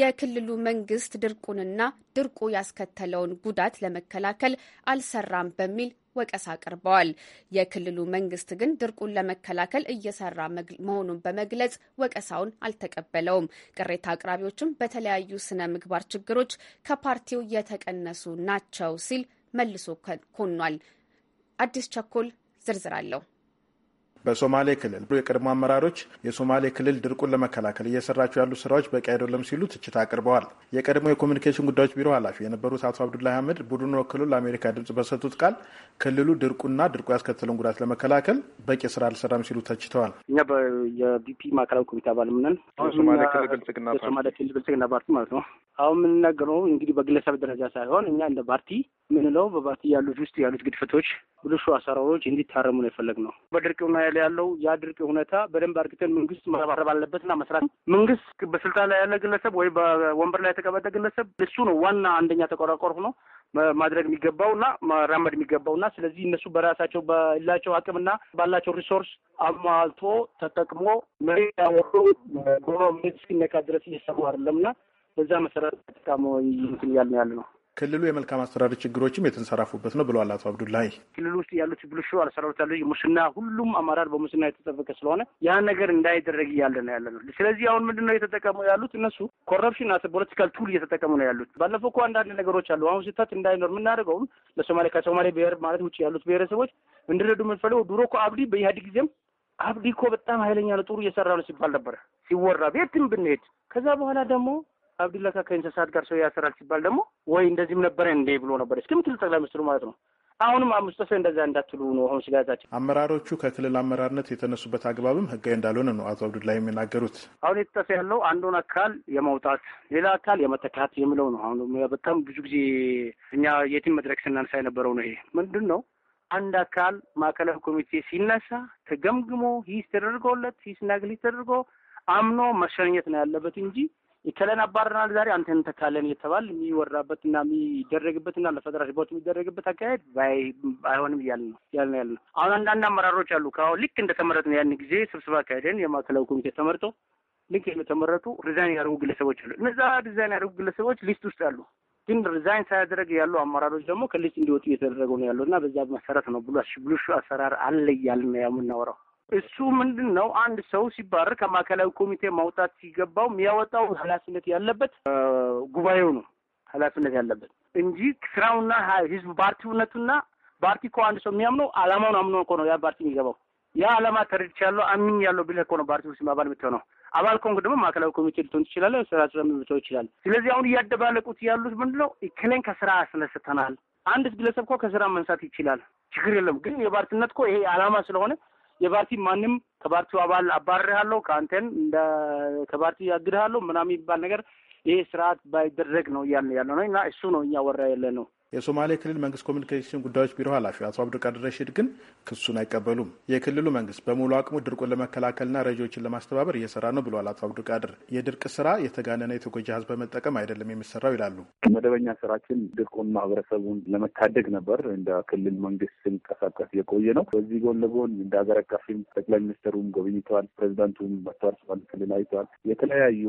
የክልሉ መንግስት ድርቁንና ድርቁ ያስከተለውን ጉዳት ለመከላከል አልሰራም በሚል ወቀሳ አቅርበዋል። የክልሉ መንግስት ግን ድርቁን ለመከላከል እየሰራ መሆኑን በመግለጽ ወቀሳውን አልተቀበለውም። ቅሬታ አቅራቢዎችም በተለያዩ ስነ ምግባር ችግሮች ከፓርቲው የተቀነሱ ናቸው ሲል መልሶ ኮኗል። አዲስ ቸኮል ዝርዝር አለው። በሶማሌ ክልል የቀድሞ አመራሮች የሶማሌ ክልል ድርቁን ለመከላከል እየሰራቸው ያሉ ስራዎች በቂ አይደለም ሲሉ ትችት አቅርበዋል። የቀድሞ የኮሚኒኬሽን ጉዳዮች ቢሮ ኃላፊ የነበሩት አቶ አብዱላይ አህመድ ቡድን ወክሎ ለአሜሪካ ድምጽ በሰጡት ቃል ክልሉ ድርቁና ድርቁ ያስከተለውን ጉዳት ለመከላከል በቂ ስራ አልሰራም ሲሉ ተችተዋል። እኛ የቢፒ ማዕከላዊ ኮሚቴ አባል ምነን የሶማሌ ክልል ብልጽግና ፓርቲ ማለት ነው። አሁን የምንናገረው እንግዲህ በግለሰብ ደረጃ ሳይሆን እኛ እንደ ፓርቲ ምንለው በባቲ ያሉት ውስጥ ያሉት ግድፈቶች፣ ብልሹ አሰራሮች እንዲታረሙ ነው የፈለግነው። በድርቅ ላይ ያለው ያ ድርቅ ሁኔታ በደንብ አርግተን መንግስት መረባረብ አለበትና መስራት መንግስት በስልጣን ላይ ያለ ግለሰብ ወይ በወንበር ላይ የተቀመጠ ግለሰብ እሱ ነው ዋና አንደኛ ተቆራቆር ሆኖ ማድረግ የሚገባው የሚገባውና መራመድ የሚገባው የሚገባውና ስለዚህ እነሱ በራሳቸው ባላቸው አቅምና ባላቸው ሪሶርስ አሟልቶ ተጠቅሞ መሬት ያወሩ ሆኖ እስኪነካ ድረስ እየሰሩ አይደለምና በዛ መሰረት ተጠቃሞ ያለ ነው። ክልሉ የመልካም አስተዳደር ችግሮችም የተንሰራፉበት ነው ብለዋል አቶ አብዱላይ። ክልሉ ውስጥ ያሉት ብልሹ አሰራሮች ያሉ ሙስና፣ ሁሉም አመራር በሙስና የተጠበቀ ስለሆነ ያን ነገር እንዳይደረግ እያለ ነው ያለ ነው። ስለዚህ አሁን ምንድን ነው የተጠቀሙ ያሉት እነሱ ኮረፕሽን አስ ፖለቲካል ቱል እየተጠቀሙ ነው ያሉት። ባለፈው እኮ አንዳንድ ነገሮች አሉ። አሁን ስህተት እንዳይኖር የምናደርገውም ለሶማሌ ከሶማሌ ብሔር ማለት ውጭ ያሉት ብሔረሰቦች እንድረዱ የምንፈልገው ድሮ እኮ አብዲ በኢህአዴግ ጊዜም አብዲ እኮ በጣም ኃይለኛ ነው ጥሩ እየሰራ ነው ሲባል ነበረ ሲወራ ቤትም ብንሄድ ከዛ በኋላ ደግሞ አብዱላ ከእንስሳት ጋር ሰው ያሰራል ሲባል ደግሞ ወይ እንደዚህም ነበረ እንዴ ብሎ ነበር እስከምትል ጠቅላይ ሚኒስትሩ ማለት ነው። አሁንም አምስት ሰው እንደዛ እንዳትሉ ነው አሁን ስጋታችን። አመራሮቹ ከክልል አመራርነት የተነሱበት አግባብም ህጋዊ እንዳልሆነ ነው አቶ አብዱላ የሚናገሩት። አሁን የተጠፈ ያለው አንዱን አካል የማውጣት ሌላ አካል የመተካት የሚለው ነው። አሁን በጣም ብዙ ጊዜ እኛ የትም መድረክ ስናነሳ የነበረው ነው። ይሄ ምንድን ነው? አንድ አካል ማዕከላዊ ኮሚቴ ሲነሳ ተገምግሞ ሂስ ተደርጎለት ሂስና ግሊስ ተደርጎ አምኖ መሸኘት ነው ያለበት እንጂ ይከለን አባረናል፣ ዛሬ አንተን እንተካለን እየተባል የሚወራበት እና የሚደረግበት እና ለፈጠራ ሽቦት የሚደረግበት አካሄድ አይሆንም እያል ነው ያልን ያለ ነው። አሁን አንዳንድ አመራሮች አሉ ከአሁን ልክ እንደተመረጥ ነው ያን ጊዜ ስብሰባ አካሄደን የማዕከላዊ ኮሚቴ ተመርጦ ልክ የተመረጡ ሪዛይን ያደርጉ ግለሰቦች አሉ። እነዛ ሪዛይን ያደርጉ ግለሰቦች ሊስት ውስጥ አሉ። ግን ሪዛይን ሳያደረግ ያሉ አመራሮች ደግሞ ከሊስት እንዲወጡ እየተደረገው ነው ያለው እና በዛ መሰረት ነው ብሎ ብልሹ አሰራር አለ እያልን ነው የምናወራው። እሱ ምንድን ነው አንድ ሰው ሲባረር ከማዕከላዊ ኮሚቴ ማውጣት ሲገባው የሚያወጣው ኃላፊነት ያለበት ጉባኤው ነው ኃላፊነት ያለበት እንጂ ስራውና ህዝብ ፓርቲውነቱና ፓርቲ እኮ አንድ ሰው የሚያምነው አላማውን አምኖ እኮ ነው ያ ፓርቲ የሚገባው። ያ አላማ ተረድቻለሁ አምኛለሁ ብለህ እኮ ነው ፓርቲ ውስጥ አባል የምትሆነው። አባል ከሆንክ ደግሞ ማዕከላዊ ኮሚቴ ልትሆን ትችላለ፣ ስራ ስለምብተው ይችላል። ስለዚህ አሁን እያደባለቁት ያሉት ምንድን ነው? እከሌን ከስራ አስነስተናል። አንድ ግለሰብ እኮ ከስራ መንሳት ይችላል፣ ችግር የለም። ግን የፓርቲነት እኮ ይሄ አላማ ስለሆነ የፓርቲ ማንም ከፓርቲው አባል አባርሃለሁ ከአንተን እንደ ከፓርቲ ያግድሃለሁ ምናምን የሚባል ነገር ይሄ ስርዓት ባይደረግ ነው እያልን ያለ ነው እና እሱ ነው እኛ ወራ ያለ ነው። የሶማሌ ክልል መንግስት ኮሚኒኬሽን ጉዳዮች ቢሮ ኃላፊ አቶ አብዱልቃድር ረሽድ ግን ክሱን አይቀበሉም። የክልሉ መንግስት በሙሉ አቅሙ ድርቁን ለመከላከልና ረጂዎችን ለማስተባበር እየሰራ ነው ብለዋል አቶ አብዱልቃድር። የድርቅ ስራ የተጋነነ የተጎጂ ህዝብ በመጠቀም አይደለም የሚሰራው ይላሉ። መደበኛ ስራችን ድርቁን ማህበረሰቡን ለመታደግ ነበር እንደ ክልል መንግስት ስንቀሳቀስ የቆየ ነው። በዚህ ጎን ለጎን እንደ ሀገር አቀፍም ጠቅላይ ሚኒስትሩም ጎብኝተዋል፣ ፕሬዚዳንቱም መጥተዋል፣ ሶማሌ ክልል አይተዋል። የተለያዩ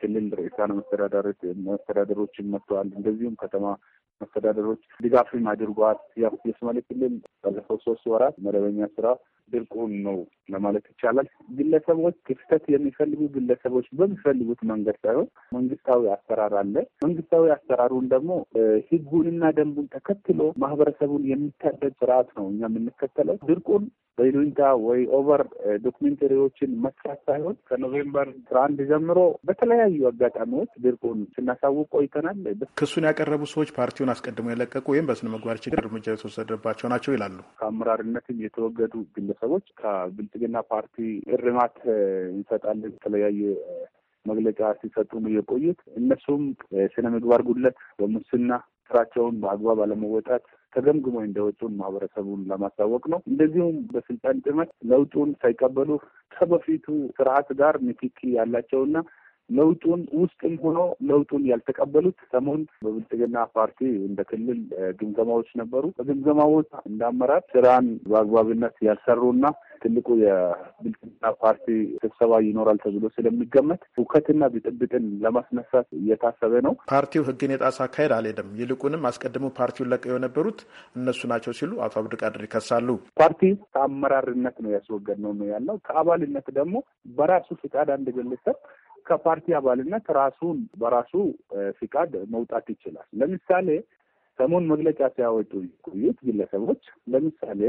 ክልል ርዕሳነ መስተዳደሮችን መጥተዋል። እንደዚሁም ከተማ መስተዳደሮች ድጋፍም አድርጓል። የሶማሌ ክልል ባለፈው ሶስት ወራት መደበኛ ስራ ድርቁን ነው ለማለት ይቻላል። ግለሰቦች ክፍተት የሚፈልጉ ግለሰቦች በሚፈልጉት መንገድ ሳይሆን መንግስታዊ አሰራር አለ። መንግስታዊ አሰራሩን ደግሞ ህጉንና ደንቡን ተከትሎ ማህበረሰቡን የሚታደግ ስርዓት ነው እኛ የምንከተለው። ድርቁን በይሉኝታ ወይ ኦቨር ዶክሜንተሪዎችን መስራት ሳይሆን ከኖቬምበር አስራ አንድ ጀምሮ በተለያዩ አጋጣሚዎች ድርቁን ስናሳውቅ ቆይተናል። ክሱን ያቀረቡ ሰዎች ፓርቲውን አስቀድሞ የለቀቁ ወይም በስነ ምግባር ችግር እርምጃ የተወሰደባቸው ናቸው ይላሉ። ከአመራርነትም የተወገዱ ግለ ግለሰቦች ከብልጽግና ፓርቲ እርማት እንሰጣለን የተለያየ መግለጫ ሲሰጡ ነው የቆዩት። እነሱም ስነ ምግባር ጉድለት፣ በሙስና ስራቸውን በአግባብ አለመወጣት ተገምግሞ እንደወጡን ማህበረሰቡን ለማሳወቅ ነው። እንደዚሁም በስልጣን ጥመት ለውጡን ሳይቀበሉ ከበፊቱ ስርዓት ጋር ንክኪ ያላቸውና ለውጡን ውስጥም ሆኖ ለውጡን ያልተቀበሉት ሰሞን በብልጽግና ፓርቲ እንደ ክልል ግምገማዎች ነበሩ። በግምገማዎች እንደ አመራር ስራን በአግባብነት ያልሰሩና ትልቁ የብልጽግና ፓርቲ ስብሰባ ይኖራል ተብሎ ስለሚገመት ሁከትና ብጥብጥን ለማስነሳት እየታሰበ ነው። ፓርቲው ህግን የጣሰ አካሄድ አልሄደም፣ ይልቁንም አስቀድሞ ፓርቲውን ለቀው የነበሩት እነሱ ናቸው ሲሉ አቶ አብዱልቃድር ይከሳሉ። ፓርቲ ከአመራርነት ነው ያስወገድ ነው ነው ያለው ከአባልነት ደግሞ በራሱ ፍቃድ አንድ ግለሰብ ከፓርቲ አባልነት ራሱን በራሱ ፍቃድ መውጣት ይችላል። ለምሳሌ ሰሞን መግለጫ ሲያወጡ ቆዩት ግለሰቦች ለምሳሌ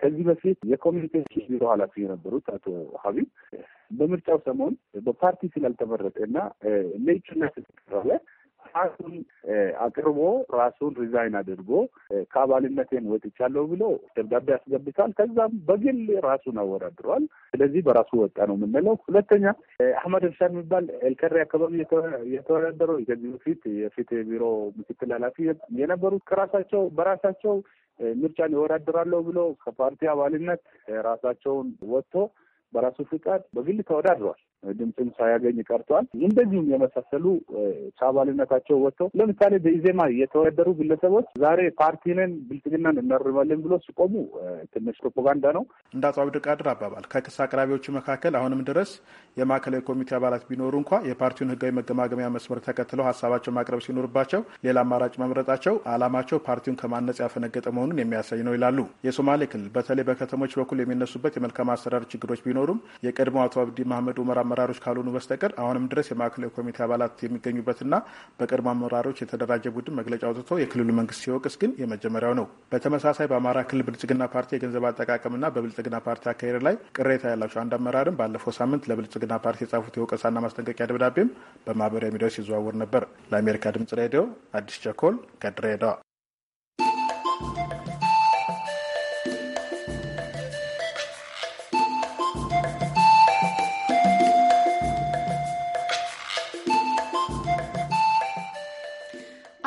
ከዚህ በፊት የኮሚኒኬሽን ቢሮ ኃላፊ የነበሩት አቶ ሀቢብ በምርጫው ሰሞን በፓርቲ ስላልተመረጠ እና ለእጩነት ስለቀረበ ራሱን አቅርቦ ራሱን ሪዛይን አድርጎ ከአባልነቴን ወጥቻለሁ ብሎ ደብዳቤ አስገብቷል። ከዛም በግል ራሱን አወዳድሯል። ስለዚህ በራሱ ወጣ ነው የምንለው። ሁለተኛ አህመድ እርሻ የሚባል ኤልከሬ አካባቢ የተወዳደረው ከዚህ በፊት የፍትህ ቢሮ ምክትል ኃላፊ የነበሩት ከራሳቸው በራሳቸው ምርጫን ይወዳድራለሁ ብሎ ከፓርቲ አባልነት ራሳቸውን ወጥቶ በራሱ ፍቃድ በግል ተወዳድሯል። ድምፅም ሳያገኝ ቀርቷል። እንደዚሁም የመሳሰሉ ከአባልነታቸው ወጥተው ለምሳሌ በኢዜማ የተወዳደሩ ግለሰቦች ዛሬ ፓርቲንን ብልጽግናን እናርማለን ብሎ ሲቆሙ ትንሽ ፕሮፓጋንዳ ነው። እንደ አቶ አብዱ ቃድር አባባል ከክስ አቅራቢዎቹ መካከል አሁንም ድረስ የማዕከላዊ ኮሚቴ አባላት ቢኖሩ እንኳ የፓርቲውን ህጋዊ መገማገሚያ መስመር ተከትለው ሀሳባቸው ማቅረብ ሲኖርባቸው ሌላ አማራጭ መምረጣቸው አላማቸው ፓርቲውን ከማነጽ ያፈነገጠ መሆኑን የሚያሳይ ነው ይላሉ። የሶማሌ ክልል በተለይ በከተሞች በኩል የሚነሱበት የመልካም አሰራር ችግሮች ቢኖሩም የቀድሞ አቶ አብዲ መሀመድ ኡመራ አመራሮች ካልሆኑ በስተቀር አሁንም ድረስ የማዕከላዊ ኮሚቴ አባላት የሚገኙበትና በቅድሞ አመራሮች የተደራጀ ቡድን መግለጫ አውጥቶ የክልሉ መንግስት ሲወቅስ ግን የመጀመሪያው ነው። በተመሳሳይ በአማራ ክልል ብልጽግና ፓርቲ የገንዘብ አጠቃቀምና በብልጽግና ፓርቲ አካሄድ ላይ ቅሬታ ያላቸው አንድ አመራርም ባለፈው ሳምንት ለብልጽግና ፓርቲ የጻፉት የወቀሳና ማስጠንቀቂያ ደብዳቤም በማህበራዊ ሚዲያዎች ሲዘዋወር ነበር። ለአሜሪካ ድምጽ ሬዲዮ አዲስ ቸኮል ከድሬዳዋ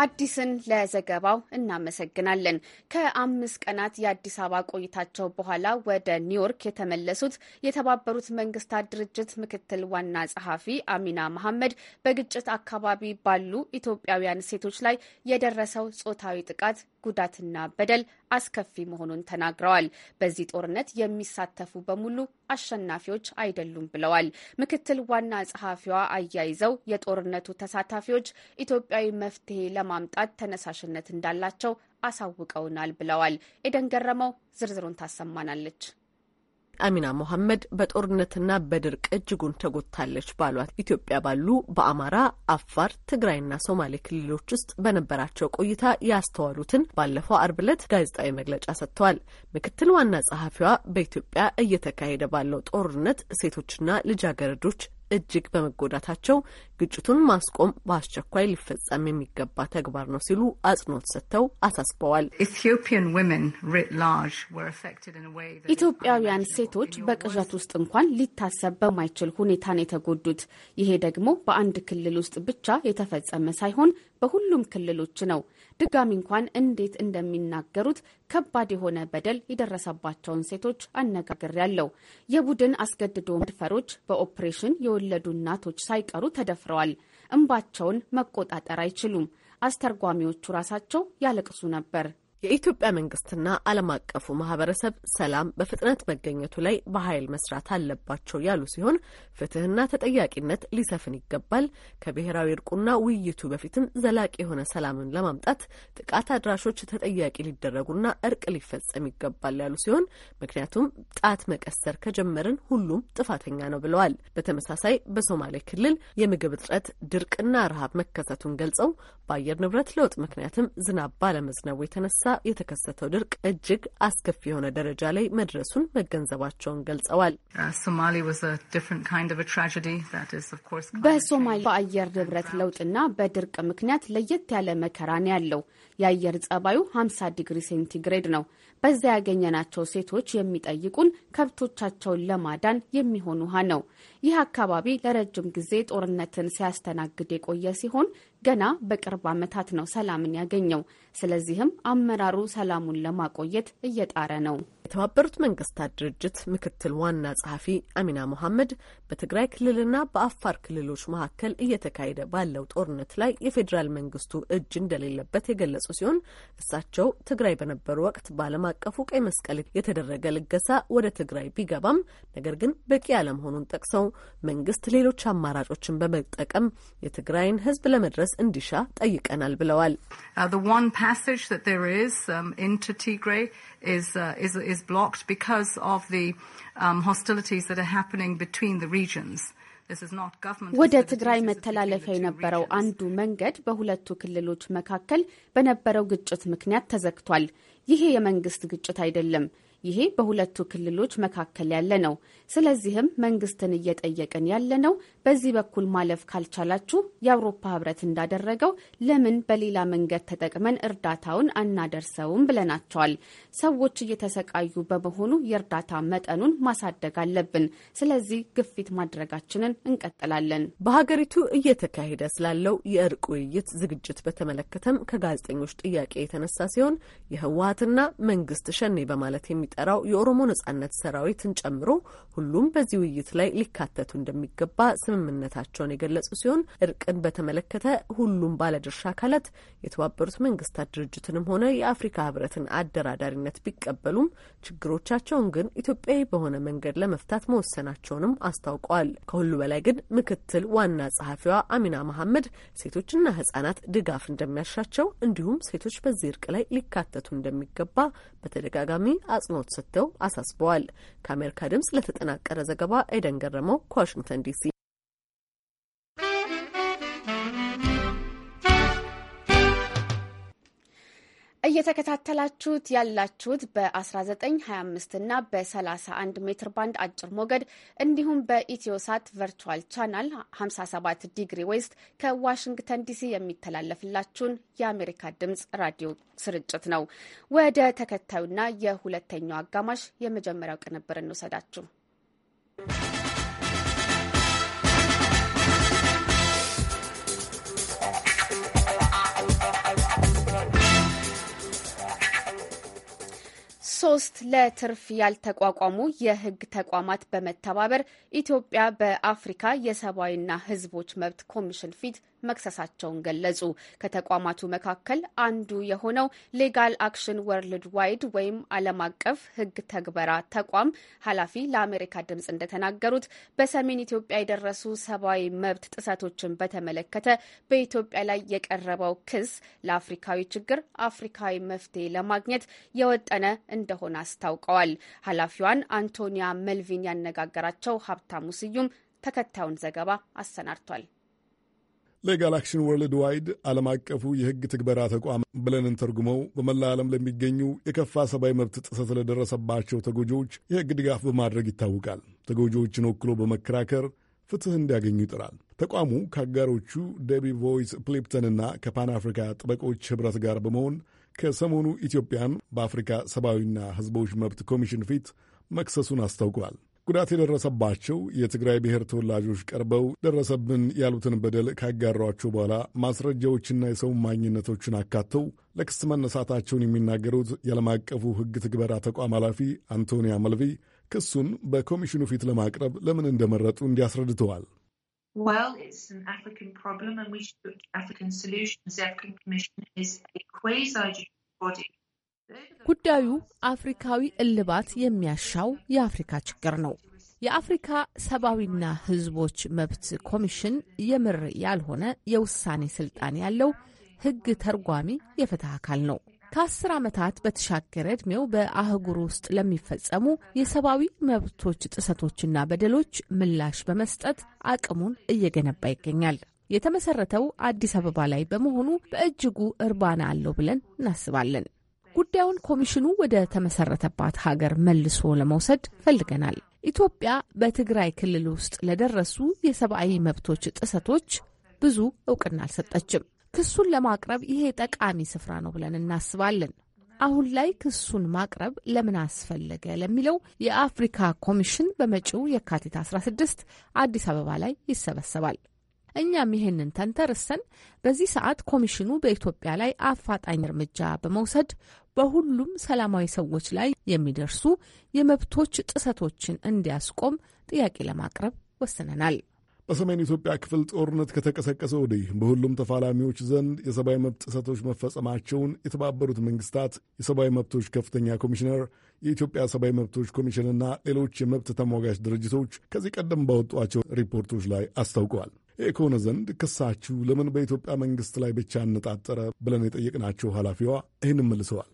አዲስን ለዘገባው እናመሰግናለን። ከአምስት ቀናት የአዲስ አበባ ቆይታቸው በኋላ ወደ ኒውዮርክ የተመለሱት የተባበሩት መንግስታት ድርጅት ምክትል ዋና ጸሐፊ አሚና መሐመድ በግጭት አካባቢ ባሉ ኢትዮጵያውያን ሴቶች ላይ የደረሰው ጾታዊ ጥቃት ጉዳትና በደል አስከፊ መሆኑን ተናግረዋል። በዚህ ጦርነት የሚሳተፉ በሙሉ አሸናፊዎች አይደሉም ብለዋል። ምክትል ዋና ጸሐፊዋ አያይዘው የጦርነቱ ተሳታፊዎች ኢትዮጵያዊ መፍትሄ ለማምጣት ተነሳሽነት እንዳላቸው አሳውቀውናል ብለዋል። ኤደን ገረመው ዝርዝሩን ታሰማናለች። አሚና ሞሐመድ በጦርነትና በድርቅ እጅጉን ተጎድታለች ባሏት ኢትዮጵያ ባሉ በአማራ፣ አፋር፣ ትግራይና ሶማሌ ክልሎች ውስጥ በነበራቸው ቆይታ ያስተዋሉትን ባለፈው አርብ ዕለት ጋዜጣዊ መግለጫ ሰጥተዋል። ምክትል ዋና ጸሐፊዋ በኢትዮጵያ እየተካሄደ ባለው ጦርነት ሴቶችና ልጃገረዶች እጅግ በመጎዳታቸው ግጭቱን ማስቆም በአስቸኳይ ሊፈጸም የሚገባ ተግባር ነው ሲሉ አጽንኦት ሰጥተው አሳስበዋል። ኢትዮጵያውያን ሴቶች በቅዠት ውስጥ እንኳን ሊታሰብ በማይችል ሁኔታ ነው የተጎዱት። ይሄ ደግሞ በአንድ ክልል ውስጥ ብቻ የተፈጸመ ሳይሆን በሁሉም ክልሎች ነው። ድጋሚ እንኳን እንዴት እንደሚናገሩት ከባድ የሆነ በደል የደረሰባቸውን ሴቶች ያለው። የቡድን አስገድዶ መድፈሮች በኦፕሬሽን የወለዱ እናቶች ሳይቀሩ ተደፍረዋል። እንባቸውን መቆጣጠር አይችሉም። አስተርጓሚዎቹ ራሳቸው ያለቅሱ ነበር። የኢትዮጵያ መንግስትና ዓለም አቀፉ ማህበረሰብ ሰላም በፍጥነት መገኘቱ ላይ በኃይል መስራት አለባቸው ያሉ ሲሆን ፍትህና ተጠያቂነት ሊሰፍን ይገባል። ከብሔራዊ እርቁና ውይይቱ በፊትም ዘላቂ የሆነ ሰላምን ለማምጣት ጥቃት አድራሾች ተጠያቂ ሊደረጉና እርቅ ሊፈጸም ይገባል ያሉ ሲሆን ምክንያቱም ጣት መቀሰር ከጀመርን ሁሉም ጥፋተኛ ነው ብለዋል። በተመሳሳይ በሶማሌ ክልል የምግብ እጥረት፣ ድርቅና ረሃብ መከሰቱን ገልጸው በአየር ንብረት ለውጥ ምክንያትም ዝናብ ባለመዝነቡ የተነሳ የተከሰተው ድርቅ እጅግ አስከፊ የሆነ ደረጃ ላይ መድረሱን መገንዘባቸውን ገልጸዋል። uh, በሶማሌ በአየር ንብረት ለውጥና በድርቅ ምክንያት ለየት ያለ መከራን ያለው የአየር ጸባዩ 50 ዲግሪ ሴንቲግሬድ ነው። በዚያ ያገኘናቸው ሴቶች የሚጠይቁን ከብቶቻቸውን ለማዳን የሚሆን ውሃ ነው። ይህ አካባቢ ለረጅም ጊዜ ጦርነትን ሲያስተናግድ የቆየ ሲሆን ገና በቅርብ ዓመታት ነው ሰላምን ያገኘው። ስለዚህም አመራሩ ሰላሙን ለማቆየት እየጣረ ነው። የተባበሩት መንግስታት ድርጅት ምክትል ዋና ጸሐፊ አሚና ሙሐመድ በትግራይ ክልልና በአፋር ክልሎች መካከል እየተካሄደ ባለው ጦርነት ላይ የፌዴራል መንግስቱ እጅ እንደሌለበት የገለጹ ሲሆን እሳቸው ትግራይ በነበሩ ወቅት በዓለም አቀፉ ቀይ መስቀል የተደረገ ልገሳ ወደ ትግራይ ቢገባም ነገር ግን በቂ አለመሆኑን ጠቅሰው መንግስት ሌሎች አማራጮችን በመጠቀም የትግራይን ህዝብ ለመድረስ እንዲሻ ጠይቀናል ብለዋል። uh, is, uh, is, is blocked because of the um, hostilities that are happening between the regions. ወደ ትግራይ መተላለፊያ የነበረው አንዱ መንገድ በሁለቱ ክልሎች መካከል በነበረው ግጭት ምክንያት ተዘግቷል። ይሄ የመንግስት ግጭት አይደለም። ይሄ በሁለቱ ክልሎች መካከል ያለ ነው። ስለዚህም መንግስትን እየጠየቅን ያለ ነው፣ በዚህ በኩል ማለፍ ካልቻላችሁ የአውሮፓ ህብረት እንዳደረገው ለምን በሌላ መንገድ ተጠቅመን እርዳታውን አናደርሰውም ብለናቸዋል። ሰዎች እየተሰቃዩ በመሆኑ የእርዳታ መጠኑን ማሳደግ አለብን። ስለዚህ ግፊት ማድረጋችንን እንቀጥላለን። በሀገሪቱ እየተካሄደ ስላለው የእርቅ ውይይት ዝግጅት በተመለከተም ከጋዜጠኞች ጥያቄ የተነሳ ሲሆን የህወሀትና መንግስት ሸኔ በማለት የሚ የሚጠራው የኦሮሞ ነጻነት ሰራዊትን ጨምሮ ሁሉም በዚህ ውይይት ላይ ሊካተቱ እንደሚገባ ስምምነታቸውን የገለጹ ሲሆን እርቅን በተመለከተ ሁሉም ባለድርሻ አካላት የተባበሩት መንግስታት ድርጅትንም ሆነ የአፍሪካ ህብረትን አደራዳሪነት ቢቀበሉም ችግሮቻቸውን ግን ኢትዮጵያዊ በሆነ መንገድ ለመፍታት መወሰናቸውንም አስታውቀዋል። ከሁሉ በላይ ግን ምክትል ዋና ጸሐፊዋ አሚና መሐመድ ሴቶችና ህጻናት ድጋፍ እንደሚያሻቸው እንዲሁም ሴቶች በዚህ እርቅ ላይ ሊካተቱ እንደሚገባ በተደጋጋሚ አጽኖ አጽንኦት ሰጥተው አሳስበዋል። ከአሜሪካ ድምጽ ለተጠናቀረ ዘገባ ኤደን ገረመው ከዋሽንግተን ዲሲ እየተከታተላችሁት ያላችሁት በ1925 እና በ31 ሜትር ባንድ አጭር ሞገድ እንዲሁም በኢትዮሳት ቨርቹዋል ቻናል 57 ዲግሪ ዌስት ከዋሽንግተን ዲሲ የሚተላለፍላችሁን የአሜሪካ ድምጽ ራዲዮ ስርጭት ነው። ወደ ተከታዩና የሁለተኛው አጋማሽ የመጀመሪያው ቅንብር እንውሰዳችሁ። ሶስት ለትርፍ ያልተቋቋሙ የህግ ተቋማት በመተባበር ኢትዮጵያ በአፍሪካ የሰብአዊና ህዝቦች መብት ኮሚሽን ፊት መክሰሳቸውን ገለጹ። ከተቋማቱ መካከል አንዱ የሆነው ሌጋል አክሽን ወርልድ ዋይድ ወይም ዓለም አቀፍ ሕግ ተግበራ ተቋም ኃላፊ ለአሜሪካ ድምጽ እንደተናገሩት በሰሜን ኢትዮጵያ የደረሱ ሰብአዊ መብት ጥሰቶችን በተመለከተ በኢትዮጵያ ላይ የቀረበው ክስ ለአፍሪካዊ ችግር አፍሪካዊ መፍትሄ ለማግኘት የወጠነ እንደሆነ አስታውቀዋል። ኃላፊዋን አንቶኒያ መልቪን ያነጋገራቸው ሀብታሙ ስዩም ተከታዩን ዘገባ አሰናድቷል። ለጋላክሽን ወርልድ ዋይድ ዓለም አቀፉ የሕግ ትግበራ ተቋም ብለን እንተርጉመው በመላ ዓለም ለሚገኙ የከፋ ሰብአዊ መብት ጥሰት ለደረሰባቸው ተጎጂዎች የሕግ ድጋፍ በማድረግ ይታወቃል። ተጎጂዎችን ወክሎ በመከራከር ፍትህ እንዲያገኙ ይጥራል። ተቋሙ ከአጋሮቹ ደቢ ቮይስ ፕሊፕተንና ከፓን አፍሪካ ጥበቆች ኅብረት ጋር በመሆን ከሰሞኑ ኢትዮጵያን በአፍሪካ ሰብአዊና ሕዝቦች መብት ኮሚሽን ፊት መክሰሱን አስታውቋል። ጉዳት የደረሰባቸው የትግራይ ብሔር ተወላጆች ቀርበው ደረሰብን ያሉትን በደል ካጋሯቸው በኋላ ማስረጃዎችና የሰው ማኝነቶችን አካተው ለክስ መነሳታቸውን የሚናገሩት የዓለም አቀፉ ሕግ ትግበራ ተቋም ኃላፊ አንቶኒያ መልቪ ክሱን በኮሚሽኑ ፊት ለማቅረብ ለምን እንደመረጡ እንዲያስረድተዋል። ጉዳዩ አፍሪካዊ እልባት የሚያሻው የአፍሪካ ችግር ነው። የአፍሪካ ሰብአዊና ሕዝቦች መብት ኮሚሽን የምር ያልሆነ የውሳኔ ስልጣን ያለው ሕግ ተርጓሚ የፍትህ አካል ነው። ከአስር ዓመታት በተሻገረ ዕድሜው በአህጉር ውስጥ ለሚፈጸሙ የሰብአዊ መብቶች ጥሰቶችና በደሎች ምላሽ በመስጠት አቅሙን እየገነባ ይገኛል። የተመሰረተው አዲስ አበባ ላይ በመሆኑ በእጅጉ እርባና አለው ብለን እናስባለን። ጉዳዩን ኮሚሽኑ ወደ ተመሰረተባት ሀገር መልሶ ለመውሰድ ፈልገናል። ኢትዮጵያ በትግራይ ክልል ውስጥ ለደረሱ የሰብአዊ መብቶች ጥሰቶች ብዙ እውቅና አልሰጠችም። ክሱን ለማቅረብ ይሄ ጠቃሚ ስፍራ ነው ብለን እናስባለን። አሁን ላይ ክሱን ማቅረብ ለምን አስፈለገ ለሚለው የአፍሪካ ኮሚሽን በመጪው የካቲት 16 አዲስ አበባ ላይ ይሰበሰባል። እኛም ይህንን ተንተርሰን በዚህ ሰዓት ኮሚሽኑ በኢትዮጵያ ላይ አፋጣኝ እርምጃ በመውሰድ በሁሉም ሰላማዊ ሰዎች ላይ የሚደርሱ የመብቶች ጥሰቶችን እንዲያስቆም ጥያቄ ለማቅረብ ወስነናል። በሰሜን ኢትዮጵያ ክፍል ጦርነት ከተቀሰቀሰ ወዲህ በሁሉም ተፋላሚዎች ዘንድ የሰብአዊ መብት ጥሰቶች መፈጸማቸውን የተባበሩት መንግስታት የሰብአዊ መብቶች ከፍተኛ ኮሚሽነር፣ የኢትዮጵያ ሰብአዊ መብቶች ኮሚሽንና ሌሎች የመብት ተሟጋች ድርጅቶች ከዚህ ቀደም ባወጧቸው ሪፖርቶች ላይ አስታውቀዋል። ከሆነ ዘንድ ክሳችሁ ለምን በኢትዮጵያ መንግስት ላይ ብቻ አነጣጠረ ብለን የጠየቅናቸው ኃላፊዋ ይህን መልሰዋል።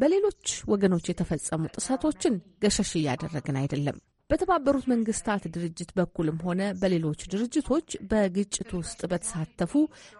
በሌሎች ወገኖች የተፈጸሙ ጥሰቶችን ገሸሽ እያደረግን አይደለም። በተባበሩት መንግስታት ድርጅት በኩልም ሆነ በሌሎች ድርጅቶች በግጭት ውስጥ በተሳተፉ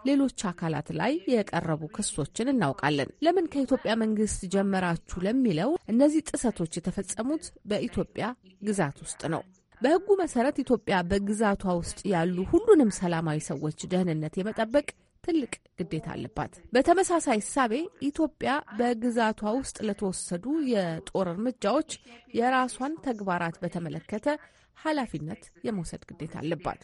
ሌሎች አካላት ላይ የቀረቡ ክሶችን እናውቃለን። ለምን ከኢትዮጵያ መንግስት ጀመራችሁ ለሚለው እነዚህ ጥሰቶች የተፈጸሙት በኢትዮጵያ ግዛት ውስጥ ነው። በህጉ መሰረት ኢትዮጵያ በግዛቷ ውስጥ ያሉ ሁሉንም ሰላማዊ ሰዎች ደህንነት የመጠበቅ ትልቅ ግዴታ አለባት። በተመሳሳይ ሳቤ ኢትዮጵያ በግዛቷ ውስጥ ለተወሰዱ የጦር እርምጃዎች የራሷን ተግባራት በተመለከተ ኃላፊነት የመውሰድ ግዴታ አለባት።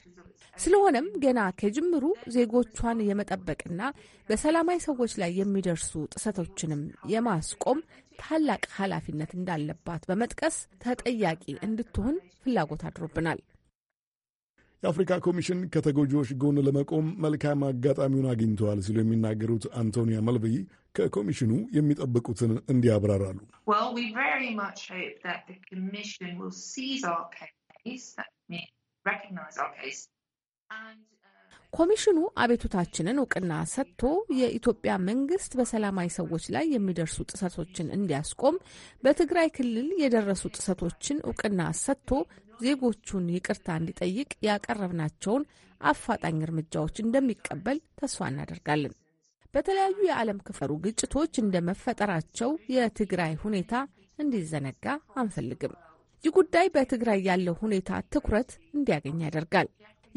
ስለሆነም ገና ከጅምሩ ዜጎቿን የመጠበቅና በሰላማዊ ሰዎች ላይ የሚደርሱ ጥሰቶችንም የማስቆም ታላቅ ኃላፊነት እንዳለባት በመጥቀስ ተጠያቂ እንድትሆን ፍላጎት አድሮብናል። የአፍሪካ ኮሚሽን ከተጎጂዎች ጎን ለመቆም መልካም አጋጣሚውን አግኝተዋል ሲሉ የሚናገሩት አንቶኒያ መልቬይ ከኮሚሽኑ የሚጠብቁትን እንዲያብራራሉ። uh, ኮሚሽኑ አቤቱታችንን እውቅና ሰጥቶ የኢትዮጵያ መንግስት በሰላማዊ ሰዎች ላይ የሚደርሱ ጥሰቶችን እንዲያስቆም፣ በትግራይ ክልል የደረሱ ጥሰቶችን እውቅና ሰጥቶ ዜጎቹን ይቅርታ እንዲጠይቅ ያቀረብናቸውን አፋጣኝ እርምጃዎች እንደሚቀበል ተስፋ እናደርጋለን። በተለያዩ የዓለም ክፈሩ ግጭቶች እንደ መፈጠራቸው የትግራይ ሁኔታ እንዲዘነጋ አንፈልግም። ይህ ጉዳይ በትግራይ ያለው ሁኔታ ትኩረት እንዲያገኝ ያደርጋል።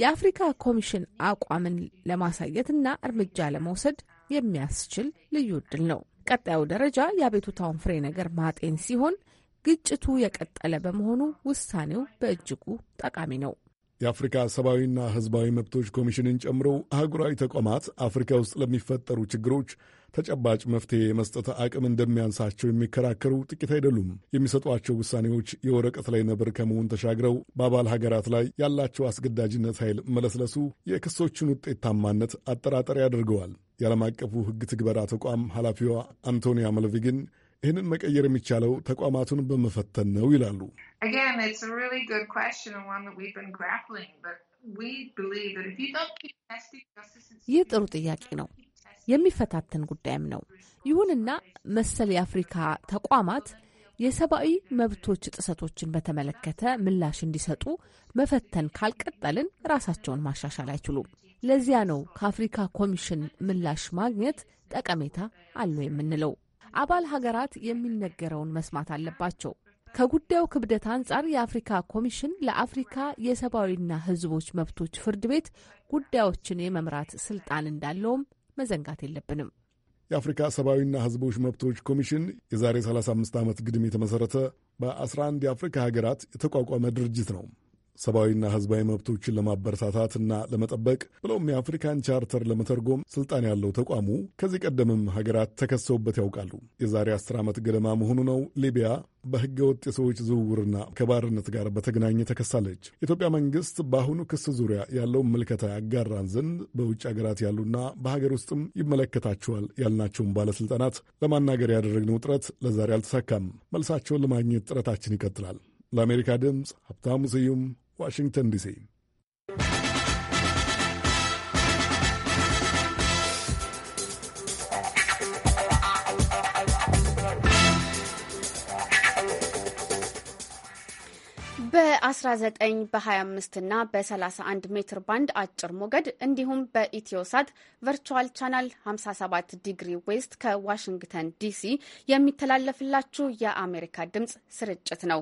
የአፍሪካ ኮሚሽን አቋምን ለማሳየትና እርምጃ ለመውሰድ የሚያስችል ልዩ እድል ነው። ቀጣዩ ደረጃ የአቤቱታውን ፍሬ ነገር ማጤን ሲሆን ግጭቱ የቀጠለ በመሆኑ ውሳኔው በእጅጉ ጠቃሚ ነው። የአፍሪካ ሰብአዊና ሕዝባዊ መብቶች ኮሚሽንን ጨምሮ አህጉራዊ ተቋማት አፍሪካ ውስጥ ለሚፈጠሩ ችግሮች ተጨባጭ መፍትሄ የመስጠት አቅም እንደሚያንሳቸው የሚከራከሩ ጥቂት አይደሉም። የሚሰጧቸው ውሳኔዎች የወረቀት ላይ ነብር ከመሆን ተሻግረው በአባል ሀገራት ላይ ያላቸው አስገዳጅነት ኃይል መለስለሱ የክሶችን ውጤታማነት አጠራጣሪ አድርገዋል። የዓለም አቀፉ ሕግ ትግበራ ተቋም ኃላፊዋ አንቶኒያ መልቪ ግን ይህንን መቀየር የሚቻለው ተቋማቱን በመፈተን ነው ይላሉ። ይህ ጥሩ ጥያቄ ነው፣ የሚፈታተን ጉዳይም ነው። ይሁንና መሰል የአፍሪካ ተቋማት የሰብአዊ መብቶች ጥሰቶችን በተመለከተ ምላሽ እንዲሰጡ መፈተን ካልቀጠልን ራሳቸውን ማሻሻል አይችሉም። ለዚያ ነው ከአፍሪካ ኮሚሽን ምላሽ ማግኘት ጠቀሜታ አለው የምንለው። አባል ሀገራት የሚነገረውን መስማት አለባቸው። ከጉዳዩ ክብደት አንጻር የአፍሪካ ኮሚሽን ለአፍሪካ የሰብአዊና ሕዝቦች መብቶች ፍርድ ቤት ጉዳዮችን የመምራት ስልጣን እንዳለውም መዘንጋት የለብንም። የአፍሪካ ሰብአዊና ሕዝቦች መብቶች ኮሚሽን የዛሬ 35 ዓመት ግድም የተመሠረተ በ11 የአፍሪካ ሀገራት የተቋቋመ ድርጅት ነው። ሰብአዊና ህዝባዊ መብቶችን ለማበረታታትና ለመጠበቅ ብለውም የአፍሪካን ቻርተር ለመተርጎም ስልጣን ያለው ተቋሙ ከዚህ ቀደምም ሀገራት ተከሰውበት ያውቃሉ። የዛሬ አስር ዓመት ገደማ መሆኑ ነው ሊቢያ በህገ ወጥ የሰዎች ዝውውርና ከባርነት ጋር በተገናኘ ተከሳለች። የኢትዮጵያ መንግስት በአሁኑ ክስ ዙሪያ ያለውን ምልከታ ያጋራን ዘንድ በውጭ ሀገራት ያሉና በሀገር ውስጥም ይመለከታቸዋል ያልናቸውን ባለስልጣናት ለማናገር ያደረግነው ጥረት ለዛሬ አልተሳካም። መልሳቸውን ለማግኘት ጥረታችን ይቀጥላል። ለአሜሪካ ድምፅ ሀብታሙ ስዩም ዋሽንግተን ዲሲ በ19 በ25 እና በ31 ሜትር ባንድ አጭር ሞገድ እንዲሁም በኢትዮሳት ቨርቹዋል ቻናል 57 ዲግሪ ዌስት ከዋሽንግተን ዲሲ የሚተላለፍላችሁ የአሜሪካ ድምፅ ስርጭት ነው።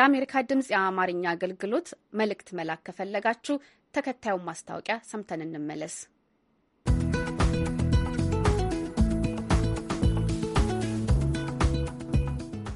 ለአሜሪካ ድምፅ የአማርኛ አገልግሎት መልእክት መላክ ከፈለጋችሁ ተከታዩን ማስታወቂያ ሰምተን እንመለስ።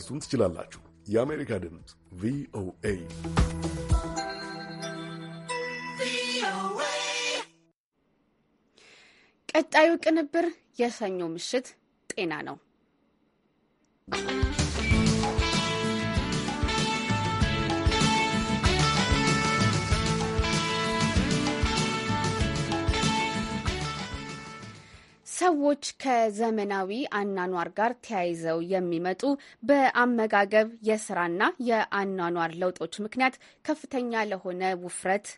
ልትደርሱን ትችላላችሁ። የአሜሪካ ድምፅ ቪኦኤ ቀጣዩ ቅንብር የሰኞ ምሽት ጤና ነው። ሰዎች ከዘመናዊ አናኗር ጋር ተያይዘው የሚመጡ በአመጋገብ የስራና የአኗኗር ለውጦች ምክንያት ከፍተኛ ለሆነ ውፍረት፣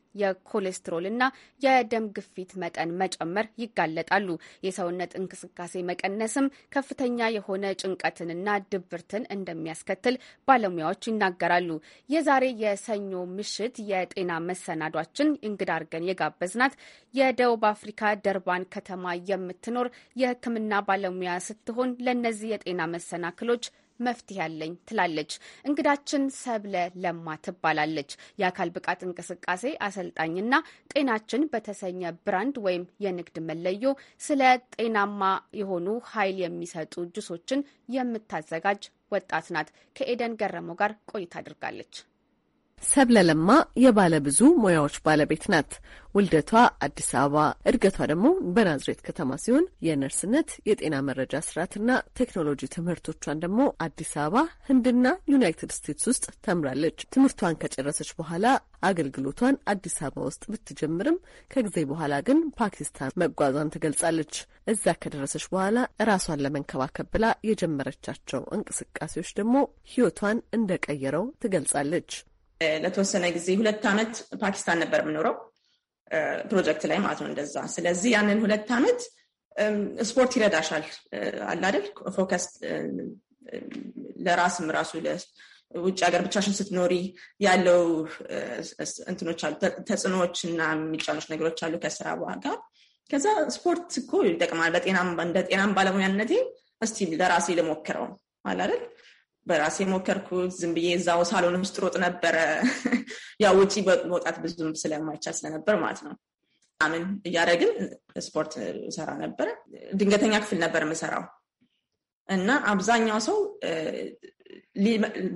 እና የደም ግፊት መጠን መጨመር ይጋለጣሉ። የሰውነት እንቅስቃሴ መቀነስም ከፍተኛ የሆነ ጭንቀትንና ድብርትን እንደሚያስከትል ባለሙያዎች ይናገራሉ። የዛሬ የሰኞ ምሽት የጤና መሰናዷችን እንግዳ አርገን የጋበዝናት የደቡብ አፍሪካ ደርባን ከተማ የምትኖር የሕክምና ባለሙያ ስትሆን ለእነዚህ የጤና መሰናክሎች መፍትሄ ያለኝ ትላለች። እንግዳችን ሰብለ ለማ ትባላለች። የአካል ብቃት እንቅስቃሴ አሰልጣኝና ጤናችን በተሰኘ ብራንድ ወይም የንግድ መለዮ ስለ ጤናማ የሆኑ ኃይል የሚሰጡ ጁሶችን የምታዘጋጅ ወጣት ናት። ከኤደን ገረመው ጋር ቆይታ አድርጋለች። ሰብለለማ የባለ ብዙ ሙያዎች ባለቤት ናት። ውልደቷ አዲስ አበባ፣ እድገቷ ደግሞ በናዝሬት ከተማ ሲሆን የነርስነት የጤና መረጃ ስርዓትና ቴክኖሎጂ ትምህርቶቿን ደግሞ አዲስ አበባ፣ ህንድና ዩናይትድ ስቴትስ ውስጥ ተምራለች። ትምህርቷን ከጨረሰች በኋላ አገልግሎቷን አዲስ አበባ ውስጥ ብትጀምርም ከጊዜ በኋላ ግን ፓኪስታን መጓዟን ትገልጻለች። እዛ ከደረሰች በኋላ ራሷን ለመንከባከብ ብላ የጀመረቻቸው እንቅስቃሴዎች ደግሞ ህይወቷን እንደቀየረው ትገልጻለች። ለተወሰነ ጊዜ ሁለት ዓመት ፓኪስታን ነበር የምኖረው ፕሮጀክት ላይ ማለት ነው እንደዛ። ስለዚህ ያንን ሁለት ዓመት ስፖርት ይረዳሻል አላደል ፎከስ ለራስም ራሱ ውጭ ሀገር ብቻሽን ስትኖሪ ያለው እንትኖች አሉ፣ ተጽዕኖዎች እና የሚጫኖች ነገሮች አሉ ከስራ ጋር። ከዛ ስፖርት እኮ ይጠቅማል። በጤናም እንደ ጤናም ባለሙያነቴ እስቲ ለራሴ ልሞክረው አላደል። በራሴ ሞከርኩት። ዝም ብዬ እዛው ሳሎን ውስጥ ሮጥ ነበረ። ያው ውጪ መውጣት ብዙም ስለማይቻል ስለነበር ማለት ነው። ምን እያደረግን ስፖርት ሰራ ነበረ። ድንገተኛ ክፍል ነበር የምሰራው እና አብዛኛው ሰው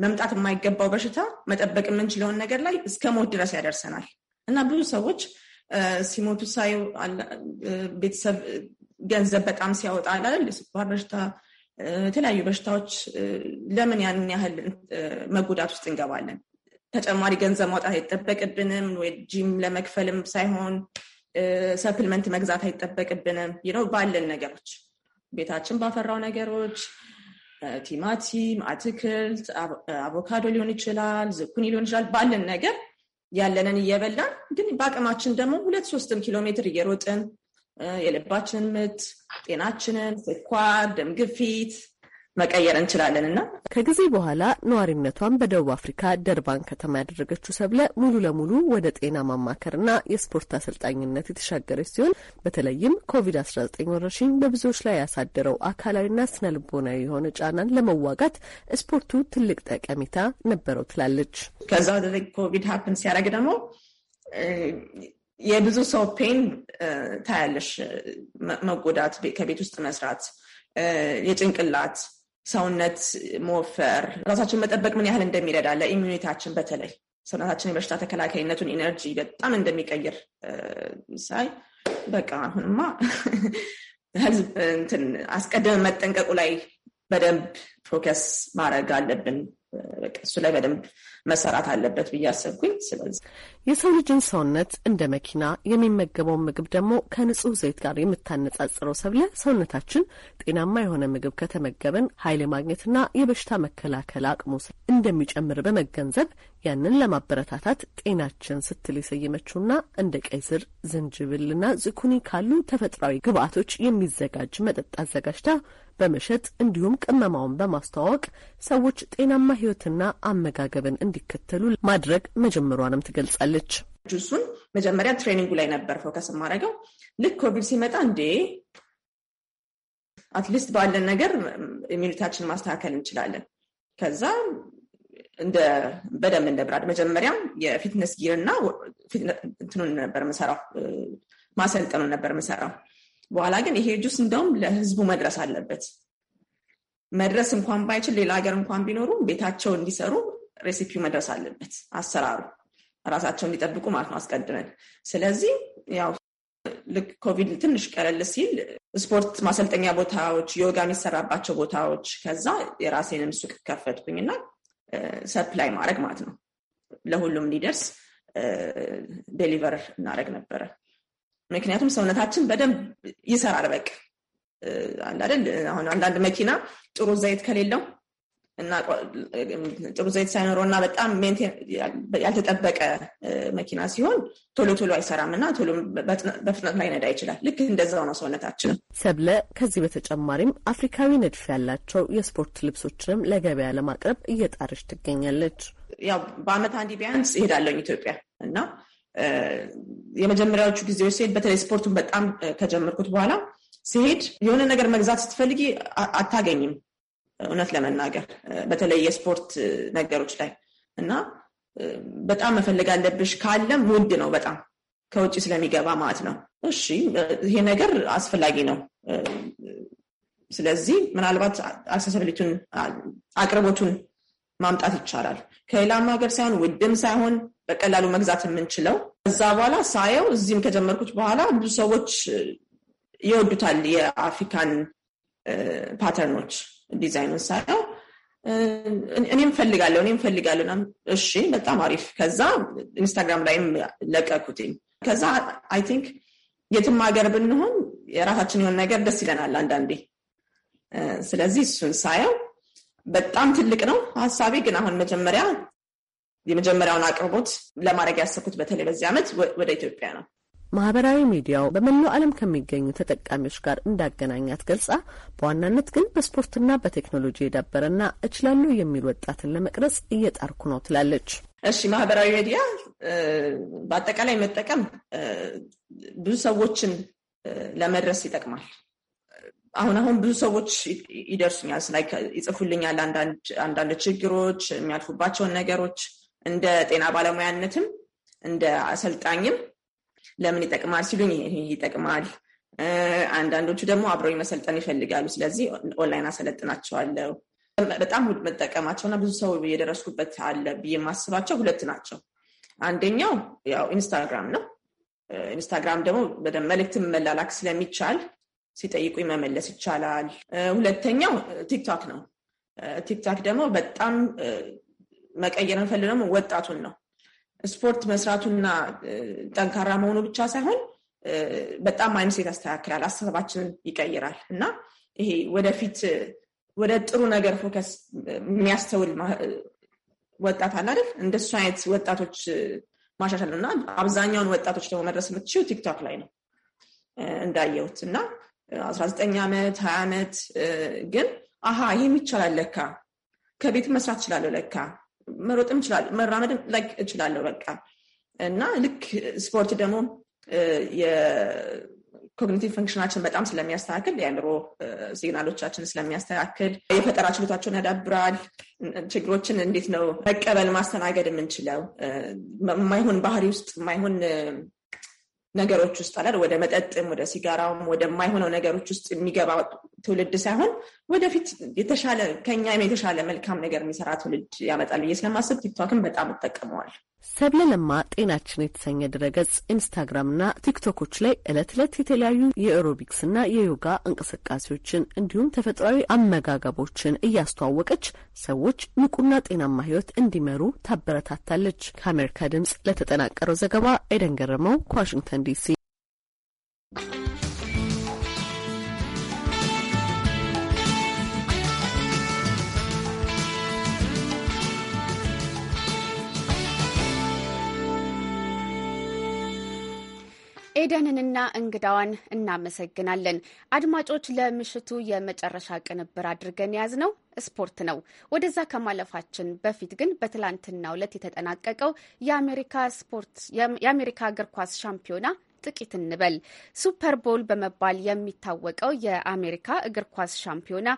መምጣት የማይገባው በሽታ መጠበቅ የምንችለውን ነገር ላይ እስከ ሞት ድረስ ያደርሰናል እና ብዙ ሰዎች ሲሞቱ ሳይ ቤተሰብ ገንዘብ በጣም ሲያወጣ ስኳር በሽታ የተለያዩ በሽታዎች ለምን ያንን ያህል መጎዳት ውስጥ እንገባለን? ተጨማሪ ገንዘብ ማውጣት አይጠበቅብንም ወይ ጂም ለመክፈልም ሳይሆን ሰፕልመንት መግዛት አይጠበቅብንም። ነው ባለን ነገሮች ቤታችን ባፈራው ነገሮች ቲማቲም፣ አትክልት፣ አቮካዶ ሊሆን ይችላል፣ ዝኩኒ ሊሆን ይችላል። ባለን ነገር ያለንን እየበላን ግን በአቅማችን ደግሞ ሁለት ሶስትም ኪሎ ሜትር እየሮጥን የልባችንን ምት፣ ጤናችንን፣ ስኳር፣ ደም ግፊት መቀየር እንችላለን እና ከጊዜ በኋላ ነዋሪነቷን በደቡብ አፍሪካ ደርባን ከተማ ያደረገችው ሰብለ ሙሉ ለሙሉ ወደ ጤና ማማከርና የስፖርት አሰልጣኝነት የተሻገረች ሲሆን በተለይም ኮቪድ-19 ወረርሽኝ በብዙዎች ላይ ያሳደረው አካላዊና ስነ ልቦናዊ የሆነ ጫናን ለመዋጋት ስፖርቱ ትልቅ ጠቀሜታ ነበረው ትላለች። ከዛ ኮቪድ ሀፕን ሲያደርግ ደግሞ የብዙ ሰው ፔን ታያለሽ። መጎዳት ከቤት ውስጥ መስራት፣ የጭንቅላት ሰውነት መወፈር፣ ራሳችን መጠበቅ ምን ያህል እንደሚረዳ ለኢሚኒታችን በተለይ ሰውነታችን የበሽታ ተከላካይነቱን ኢነርጂ በጣም እንደሚቀይር ሳይ በቃ አሁንማ እንትን አስቀድመን መጠንቀቁ ላይ በደንብ ፎከስ ማድረግ አለብን እሱ ላይ በደንብ መሰራት አለበት ብዬ አሰብኩኝ። ስለዚህ የሰው ልጅን ሰውነት እንደ መኪና የሚመገበውን ምግብ ደግሞ ከንጹህ ዘይት ጋር የምታነጻጽረው ሰብለ፣ ሰውነታችን ጤናማ የሆነ ምግብ ከተመገበን ኃይል ማግኘትና የበሽታ መከላከል አቅሙ እንደሚጨምር በመገንዘብ ያንን ለማበረታታት ጤናችን ስትል የሰየመችውና እንደ ቀይ ስር፣ ዝንጅብልና ዝኩኒ ካሉ ተፈጥሯዊ ግብአቶች የሚዘጋጅ መጠጥ አዘጋጅታ በመሸጥ እንዲሁም ቅመማውን በማስተዋወቅ ሰዎች ጤናማ ህይወትና አመጋገብን እንዲከተሉ ማድረግ መጀመሯንም ትገልጻለች። ጁሱን መጀመሪያ ትሬኒንጉ ላይ ነበር ፎከስ የማደርገው። ልክ ኮቪድ ሲመጣ እንዴ አትሊስት ባለን ነገር ኢሚኒታችንን ማስተካከል እንችላለን። ከዛ በደንብ እንደ ብራድ መጀመሪያም የፊትነስ ጊርና እንትኑን ነበር ምሰራው ማሰልጠኑን ነበር ምሰራው። በኋላ ግን ይሄ ጁስ እንደውም ለህዝቡ መድረስ አለበት። መድረስ እንኳን ባይችል ሌላ ሀገር እንኳን ቢኖሩ ቤታቸው እንዲሰሩ ሬሲፒው መድረስ አለበት። አሰራሩ ራሳቸው እንዲጠብቁ ማለት ነው አስቀድመን። ስለዚህ ያው ልክ ኮቪድ ትንሽ ቀለል ሲል ስፖርት ማሰልጠኛ ቦታዎች፣ ዮጋ የሚሰራባቸው ቦታዎች፣ ከዛ የራሴንም ሱቅ ከፈትኩኝና ሰፕላይ ማድረግ ማለት ነው ለሁሉም ሊደርስ ዴሊቨር እናደረግ ነበረ። ምክንያቱም ሰውነታችን በደንብ ይሰራል። በቃ አንዳንድ አሁን አንዳንድ መኪና ጥሩ ዘይት ከሌለው እና ጥሩ ዘይት ሳይኖረው እና በጣም ያልተጠበቀ መኪና ሲሆን ቶሎ ቶሎ አይሰራም እና ቶሎ በፍጥነት ላይ ነዳ ይችላል። ልክ እንደዛው ነው ሰውነታችንም። ሰብለ ከዚህ በተጨማሪም አፍሪካዊ ንድፍ ያላቸው የስፖርት ልብሶችንም ለገበያ ለማቅረብ እየጣረች ትገኛለች። ያው በአመት አንዲ ቢያንስ ይሄዳለኝ ኢትዮጵያ እና የመጀመሪያዎቹ ጊዜዎች ሲሄድ በተለይ ስፖርቱን በጣም ከጀመርኩት በኋላ ሲሄድ የሆነ ነገር መግዛት ስትፈልጊ አታገኝም፣ እውነት ለመናገር በተለይ የስፖርት ነገሮች ላይ እና በጣም መፈለግ አለብሽ። ካለም ውድ ነው በጣም ከውጭ ስለሚገባ ማለት ነው። እሺ ይሄ ነገር አስፈላጊ ነው። ስለዚህ ምናልባት አክሰሰብሊቱን አቅርቦቱን ማምጣት ይቻላል። ከሌላም ሀገር ሳይሆን ውድም ሳይሆን በቀላሉ መግዛት የምንችለው። ከዛ በኋላ ሳየው እዚህም ከጀመርኩት በኋላ ብዙ ሰዎች ይወዱታል። የአፍሪካን ፓተርኖች ዲዛይኑን ሳየው እኔም ፈልጋለሁ እኔም ፈልጋለሁ። እሺ በጣም አሪፍ። ከዛ ኢንስታግራም ላይም ለቀኩትኝ። ከዛ አይ ቲንክ የትም ሀገር ብንሆን የራሳችን የሆነ ነገር ደስ ይለናል አንዳንዴ። ስለዚህ እሱን ሳየው በጣም ትልቅ ነው ሀሳቤ፣ ግን አሁን መጀመሪያ የመጀመሪያውን አቅርቦት ለማድረግ ያሰብኩት በተለይ በዚህ ዓመት ወደ ኢትዮጵያ ነው። ማህበራዊ ሚዲያው በመላው ዓለም ከሚገኙ ተጠቃሚዎች ጋር እንዳገናኛት ገልጻ በዋናነት ግን በስፖርትና በቴክኖሎጂ የዳበረና እችላለሁ የሚል ወጣትን ለመቅረጽ እየጣርኩ ነው ትላለች። እሺ፣ ማህበራዊ ሚዲያ በአጠቃላይ መጠቀም ብዙ ሰዎችን ለመድረስ ይጠቅማል። አሁን አሁን ብዙ ሰዎች ይደርሱኛል፣ ይጽፉልኛል፣ አንዳንድ ችግሮች የሚያልፉባቸውን ነገሮች እንደ ጤና ባለሙያነትም እንደ አሰልጣኝም ለምን ይጠቅማል ሲሉኝ ይጠቅማል። አንዳንዶቹ ደግሞ አብረው መሰልጠን ይፈልጋሉ። ስለዚህ ኦንላይን አሰለጥናቸዋለሁ። በጣም መጠቀማቸውና ብዙ ሰው የደረስኩበት አለ ብዬ የማስባቸው ሁለት ናቸው። አንደኛው ያው ኢንስታግራም ነው። ኢንስታግራም ደግሞ በደንብ መልእክትን መላላክ ስለሚቻል ሲጠይቁ መመለስ ይቻላል። ሁለተኛው ቲክቶክ ነው። ቲክቶክ ደግሞ በጣም መቀየር እንፈልገው ወጣቱን ነው። ስፖርት መስራቱና ጠንካራ መሆኑ ብቻ ሳይሆን በጣም ማይንሴት ያስተካክላል፣ አስተሳሰባችንን ይቀይራል እና ይሄ ወደፊት ወደ ጥሩ ነገር ፎከስ የሚያስተውል ወጣት አለ አይደል? እንደሱ አይነት ወጣቶች ማሻሻል እና አብዛኛውን ወጣቶች ደግሞ መድረስ የምትችው ቲክቶክ ላይ ነው እንዳየሁት እና አስራ ዘጠኝ ዓመት ሀያ ዓመት ግን አሀ ይህም ይቻላል ለካ ከቤት መስራት እችላለሁ ለካ መሮጥም እችላለሁ፣ መራመድም ላይክ እችላለሁ በቃ እና ልክ ስፖርት ደግሞ የኮግኒቲቭ ፈንክሽናችን በጣም ስለሚያስተካክል የአእምሮ ሲግናሎቻችን ስለሚያስተካክል የፈጠራ ችሎታቸውን ያዳብራል። ችግሮችን እንዴት ነው መቀበል ማስተናገድ የምንችለው ማይሆን ባህሪ ውስጥ ማይሆን። ነገሮች ውስጥ አላል ወደ መጠጥም ወደ ሲጋራውም ወደማይሆነው ነገሮች ውስጥ የሚገባ ትውልድ ሳይሆን ወደፊት የተሻለ ከኛም የተሻለ መልካም ነገር የሚሰራ ትውልድ ያመጣል ብዬ ስለማስብ ቲክቶክን በጣም እጠቀመዋል። ሰብለ ለማ ጤናችን የተሰኘ ድረገጽ ኢንስታግራምና ቲክቶኮች ላይ ዕለት ዕለት የተለያዩ የኤሮቢክስና የዮጋ እንቅስቃሴዎችን እንዲሁም ተፈጥሯዊ አመጋገቦችን እያስተዋወቀች ሰዎች ንቁና ጤናማ ሕይወት እንዲመሩ ታበረታታለች። ከአሜሪካ ድምጽ ለተጠናቀረው ዘገባ ኤደን ገረመው ከዋሽንግተን ዲሲ ኤደንንና እንግዳዋን እናመሰግናለን። አድማጮች፣ ለምሽቱ የመጨረሻ ቅንብር አድርገን የያዝነው ስፖርት ነው። ወደዛ ከማለፋችን በፊት ግን በትላንትናው ዕለት የተጠናቀቀው የአሜሪካ ስፖርት የአሜሪካ እግር ኳስ ሻምፒዮና ጥቂት እንበል። ሱፐር ቦል በመባል የሚታወቀው የአሜሪካ እግር ኳስ ሻምፒዮና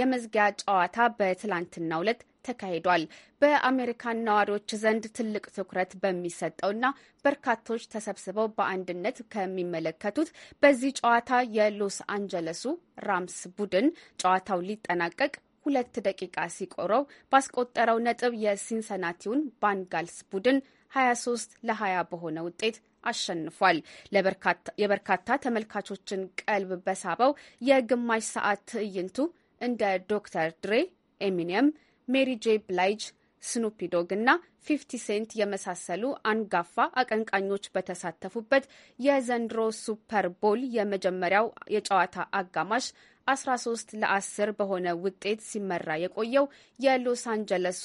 የመዝጊያ ጨዋታ በትላንትናው ዕለት ተካሂዷል። በአሜሪካን ነዋሪዎች ዘንድ ትልቅ ትኩረት በሚሰጠውና በርካቶች ተሰብስበው በአንድነት ከሚመለከቱት በዚህ ጨዋታ የሎስ አንጀለሱ ራምስ ቡድን ጨዋታው ሊጠናቀቅ ሁለት ደቂቃ ሲቆረው ባስቆጠረው ነጥብ የሲንሰናቲውን ባንጋልስ ቡድን 23 ለ20 በሆነ ውጤት አሸንፏል። የበርካታ ተመልካቾችን ቀልብ በሳበው የግማሽ ሰዓት ትዕይንቱ እንደ ዶክተር ድሬ ኤሚኒየም ሜሪ ጄ ብላይጅ ስኑፒዶግ እና ፊፍቲ ሴንት የመሳሰሉ አንጋፋ አቀንቃኞች በተሳተፉበት የዘንድሮ ሱፐር ቦል የመጀመሪያው የጨዋታ አጋማሽ 13 ለ10 በሆነ ውጤት ሲመራ የቆየው የሎስ አንጀለሱ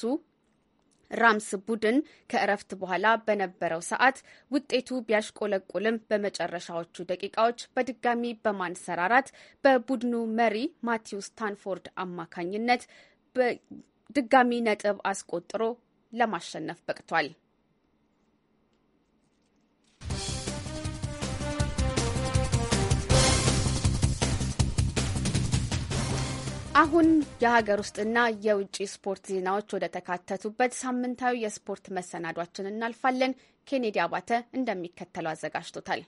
ራምስ ቡድን ከእረፍት በኋላ በነበረው ሰዓት ውጤቱ ቢያሽቆለቁልም በመጨረሻዎቹ ደቂቃዎች በድጋሚ በማንሰራራት በቡድኑ መሪ ማቲው ስታንፎርድ አማካኝነት ድጋሚ ነጥብ አስቆጥሮ ለማሸነፍ በቅቷል። አሁን የሀገር ውስጥና የውጭ ስፖርት ዜናዎች ወደ ተካተቱበት ሳምንታዊ የስፖርት መሰናዷችን እናልፋለን። ኬኔዲ አባተ እንደሚከተለው አዘጋጅቶታል።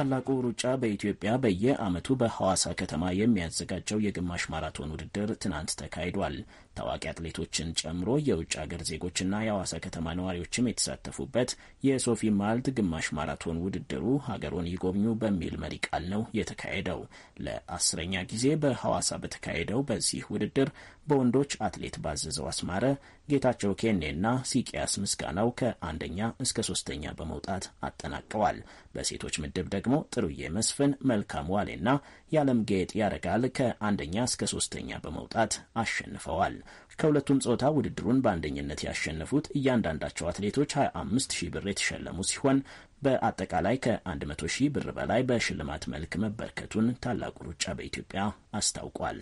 ታላቁ ሩጫ በኢትዮጵያ በየዓመቱ በሐዋሳ ከተማ የሚያዘጋጀው የግማሽ ማራቶን ውድድር ትናንት ተካሂዷል። ታዋቂ አትሌቶችን ጨምሮ የውጭ ሀገር ዜጎችና የአዋሳ ከተማ ነዋሪዎችም የተሳተፉበት የሶፊ ማልት ግማሽ ማራቶን ውድድሩ ሀገሩን ይጎብኙ በሚል መሪ ቃል ነው የተካሄደው። ለአስረኛ ጊዜ በሐዋሳ በተካሄደው በዚህ ውድድር በወንዶች አትሌት ባዘዘው አስማረ፣ ጌታቸው ኬኔና ሲቅያስ ምስጋናው ከአንደኛ እስከ ሶስተኛ በመውጣት አጠናቀዋል። በሴቶች ምድብ ደግሞ ጥሩዬ መስፍን፣ መልካም ዋሌና የዓለም ጌጥ ያረጋል ከአንደኛ እስከ ሶስተኛ በመውጣት አሸንፈዋል። ከሁለቱም ጾታ ውድድሩን በአንደኝነት ያሸነፉት እያንዳንዳቸው አትሌቶች 25 ሺህ ብር የተሸለሙ ሲሆን በአጠቃላይ ከ100 ሺህ ብር በላይ በሽልማት መልክ መበርከቱን ታላቁ ሩጫ በኢትዮጵያ አስታውቋል።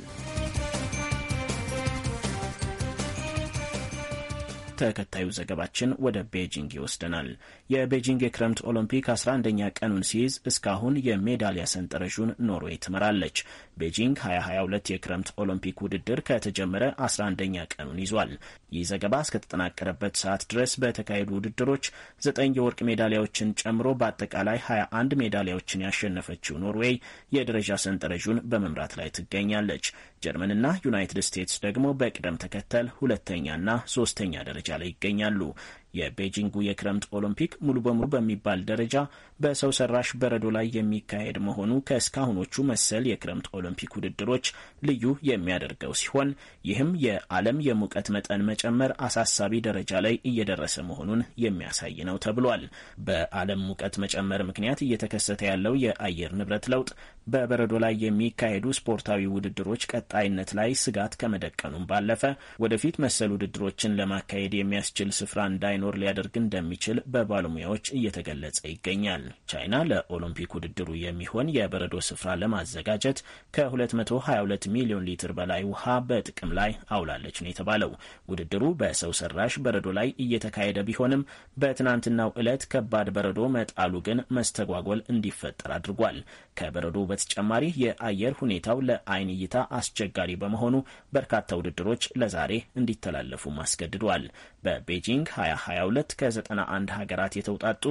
ተከታዩ ዘገባችን ወደ ቤጂንግ ይወስደናል። የቤጂንግ የክረምት ኦሎምፒክ 11ኛ ቀኑን ሲይዝ እስካሁን የሜዳሊያ ሰንጠረዡን ኖርዌይ ትመራለች። ቤጂንግ 2022 የክረምት ኦሎምፒክ ውድድር ከተጀመረ 11ኛ ቀኑን ይዟል። ይህ ዘገባ እስከተጠናቀረበት ሰዓት ድረስ በተካሄዱ ውድድሮች ዘጠኝ የወርቅ ሜዳሊያዎችን ጨምሮ በአጠቃላይ 21 ሜዳሊያዎችን ያሸነፈችው ኖርዌይ የደረጃ ሰንጠረዡን በመምራት ላይ ትገኛለች። ጀርመንና ዩናይትድ ስቴትስ ደግሞ በቅደም ተከተል ሁለተኛና ሶስተኛ ደረጃ Ya le Lu. የቤጂንጉ የክረምት ኦሎምፒክ ሙሉ በሙሉ በሚባል ደረጃ በሰው ሰራሽ በረዶ ላይ የሚካሄድ መሆኑ ከእስካሁኖቹ መሰል የክረምት ኦሎምፒክ ውድድሮች ልዩ የሚያደርገው ሲሆን ይህም የዓለም የሙቀት መጠን መጨመር አሳሳቢ ደረጃ ላይ እየደረሰ መሆኑን የሚያሳይ ነው ተብሏል። በዓለም ሙቀት መጨመር ምክንያት እየተከሰተ ያለው የአየር ንብረት ለውጥ በበረዶ ላይ የሚካሄዱ ስፖርታዊ ውድድሮች ቀጣይነት ላይ ስጋት ከመደቀኑም ባለፈ ወደፊት መሰል ውድድሮችን ለማካሄድ የሚያስችል ስፍራ እንዳይ እንዳይኖር ሊያደርግ እንደሚችል በባለሙያዎች እየተገለጸ ይገኛል። ቻይና ለኦሎምፒክ ውድድሩ የሚሆን የበረዶ ስፍራ ለማዘጋጀት ከ222 ሚሊዮን ሊትር በላይ ውሃ በጥቅም ላይ አውላለች ነው የተባለው። ውድድሩ በሰው ሰራሽ በረዶ ላይ እየተካሄደ ቢሆንም በትናንትናው ዕለት ከባድ በረዶ መጣሉ ግን መስተጓጎል እንዲፈጠር አድርጓል። ከበረዶ በተጨማሪ የአየር ሁኔታው ለአይን እይታ አስቸጋሪ በመሆኑ በርካታ ውድድሮች ለዛሬ እንዲተላለፉ አስገድዷል። በቤጂንግ 2020 22 ከ91 ሀገራት የተውጣጡ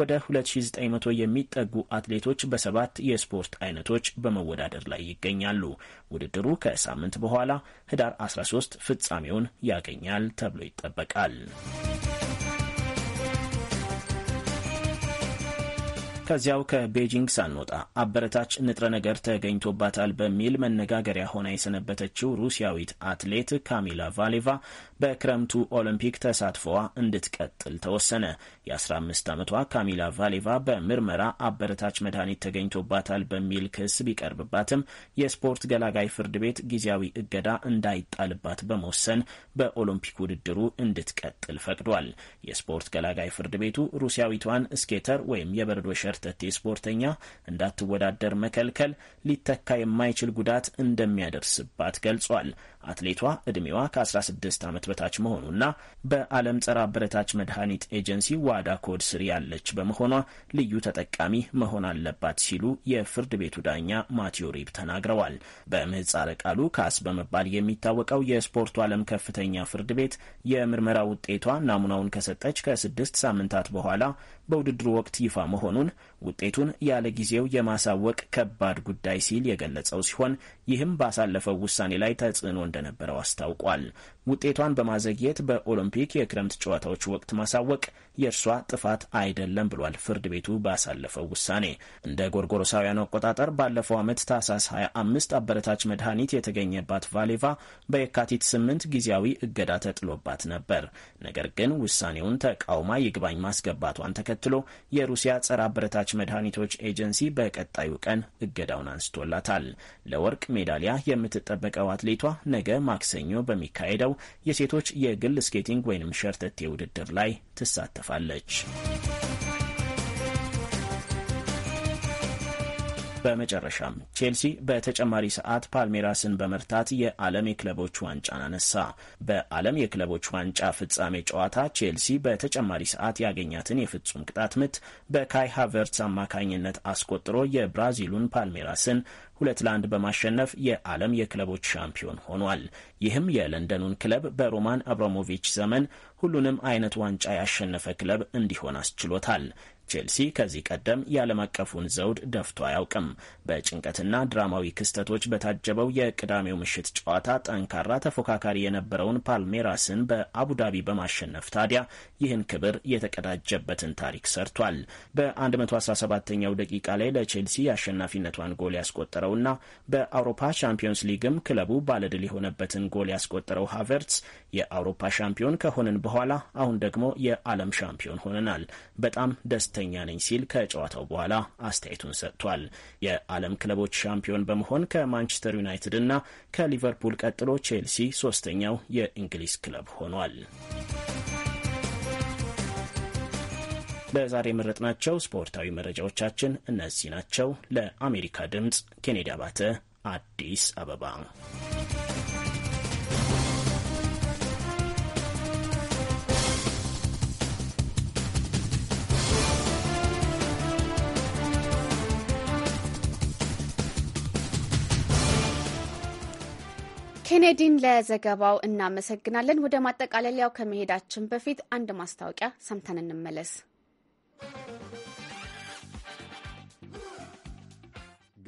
ወደ 2900 የሚጠጉ አትሌቶች በሰባት የስፖርት አይነቶች በመወዳደር ላይ ይገኛሉ። ውድድሩ ከሳምንት በኋላ ህዳር 13 ፍጻሜውን ያገኛል ተብሎ ይጠበቃል። ከዚያው ከቤጂንግ ሳንወጣ አበረታች ንጥረ ነገር ተገኝቶባታል በሚል መነጋገሪያ ሆና የሰነበተችው ሩሲያዊት አትሌት ካሚላ ቫሌቫ በክረምቱ ኦሎምፒክ ተሳትፎዋ እንድትቀጥል ተወሰነ። የ15 ዓመቷ ካሚላ ቫሌቫ በምርመራ አበረታች መድኃኒት ተገኝቶባታል በሚል ክስ ቢቀርብባትም የስፖርት ገላጋይ ፍርድ ቤት ጊዜያዊ እገዳ እንዳይጣልባት በመወሰን በኦሎምፒክ ውድድሩ እንድትቀጥል ፈቅዷል። የስፖርት ገላጋይ ፍርድ ቤቱ ሩሲያዊቷን ስኬተር ወይም የበረዶ ከርተቴ ስፖርተኛ እንዳትወዳደር መከልከል ሊተካ የማይችል ጉዳት እንደሚያደርስባት ገልጿል። አትሌቷ ዕድሜዋ ከ16 ዓመት በታች መሆኑና በዓለም ጸረ አበረታች መድኃኒት ኤጀንሲ ዋዳ ኮድ ስር ያለች በመሆኗ ልዩ ተጠቃሚ መሆን አለባት ሲሉ የፍርድ ቤቱ ዳኛ ማቲዮ ሪብ ተናግረዋል። በምህጻረ ቃሉ ካስ በመባል የሚታወቀው የስፖርቱ ዓለም ከፍተኛ ፍርድ ቤት የምርመራ ውጤቷ ናሙናውን ከሰጠች ከስድስት ሳምንታት በኋላ በውድድሩ ወቅት ይፋ መሆኑን ውጤቱን ያለ ጊዜው የማሳወቅ ከባድ ጉዳይ ሲል የገለጸው ሲሆን ይህም ባሳለፈው ውሳኔ ላይ ተጽዕኖ እንደነበረው አስታውቋል። ውጤቷን በማዘግየት በኦሎምፒክ የክረምት ጨዋታዎች ወቅት ማሳወቅ የእርሷ ጥፋት አይደለም ብሏል ፍርድ ቤቱ ባሳለፈው ውሳኔ። እንደ ጎርጎሮሳውያን አቆጣጠር ባለፈው ዓመት ታህሳስ 25 አበረታች መድኃኒት የተገኘባት ቫሌቫ በየካቲት 8 ጊዜያዊ እገዳ ተጥሎባት ነበር። ነገር ግን ውሳኔውን ተቃውማ ይግባኝ ማስገባቷን ተከትሎ የሩሲያ ጸረ አበረታች መድኃኒቶች ኤጀንሲ በቀጣዩ ቀን እገዳውን አንስቶላታል። ለወርቅ ሜዳሊያ የምትጠበቀው አትሌቷ ነገ ማክሰኞ በሚካሄደው የሴቶች የግል ስኬቲንግ ወይም ሸርተቴ ውድድር ላይ ትሳተፋለች። በመጨረሻም ቼልሲ በተጨማሪ ሰዓት ፓልሜራስን በመርታት የዓለም የክለቦች ዋንጫን አነሳ። በዓለም የክለቦች ዋንጫ ፍጻሜ ጨዋታ ቼልሲ በተጨማሪ ሰዓት ያገኛትን የፍጹም ቅጣት ምት በካይ ሃቨርትስ አማካኝነት አስቆጥሮ የብራዚሉን ፓልሜራስን ሁለት ለአንድ በማሸነፍ የዓለም የክለቦች ሻምፒዮን ሆኗል። ይህም የለንደኑን ክለብ በሮማን አብራሞቪች ዘመን ሁሉንም አይነት ዋንጫ ያሸነፈ ክለብ እንዲሆን አስችሎታል። ቼልሲ ከዚህ ቀደም የዓለም አቀፉን ዘውድ ደፍቶ አያውቅም። በጭንቀትና ድራማዊ ክስተቶች በታጀበው የቅዳሜው ምሽት ጨዋታ ጠንካራ ተፎካካሪ የነበረውን ፓልሜራስን በአቡዳቢ በማሸነፍ ታዲያ ይህን ክብር የተቀዳጀበትን ታሪክ ሰርቷል። በ117ኛው ደቂቃ ላይ ለቼልሲ የአሸናፊነቷን ጎል ያስቆጠረውና በአውሮፓ ሻምፒዮንስ ሊግም ክለቡ ባለድል የሆነበትን ጎል ያስቆጠረው ሃቨርትስ የአውሮፓ ሻምፒዮን ከሆንን በኋላ አሁን ደግሞ የዓለም ሻምፒዮን ሆነናል። በጣም ደስ ደስተኛ ነኝ ሲል ከጨዋታው በኋላ አስተያየቱን ሰጥቷል። የዓለም ክለቦች ሻምፒዮን በመሆን ከማንቸስተር ዩናይትድ እና ከሊቨርፑል ቀጥሎ ቼልሲ ሶስተኛው የእንግሊዝ ክለብ ሆኗል። ለዛሬ የመረጥናቸው ስፖርታዊ መረጃዎቻችን እነዚህ ናቸው። ለአሜሪካ ድምፅ ኬኔዲ አባተ አዲስ አበባ ኬኔዲን ለዘገባው እናመሰግናለን። ወደ ማጠቃለያው ከመሄዳችን በፊት አንድ ማስታወቂያ ሰምተን እንመለስ።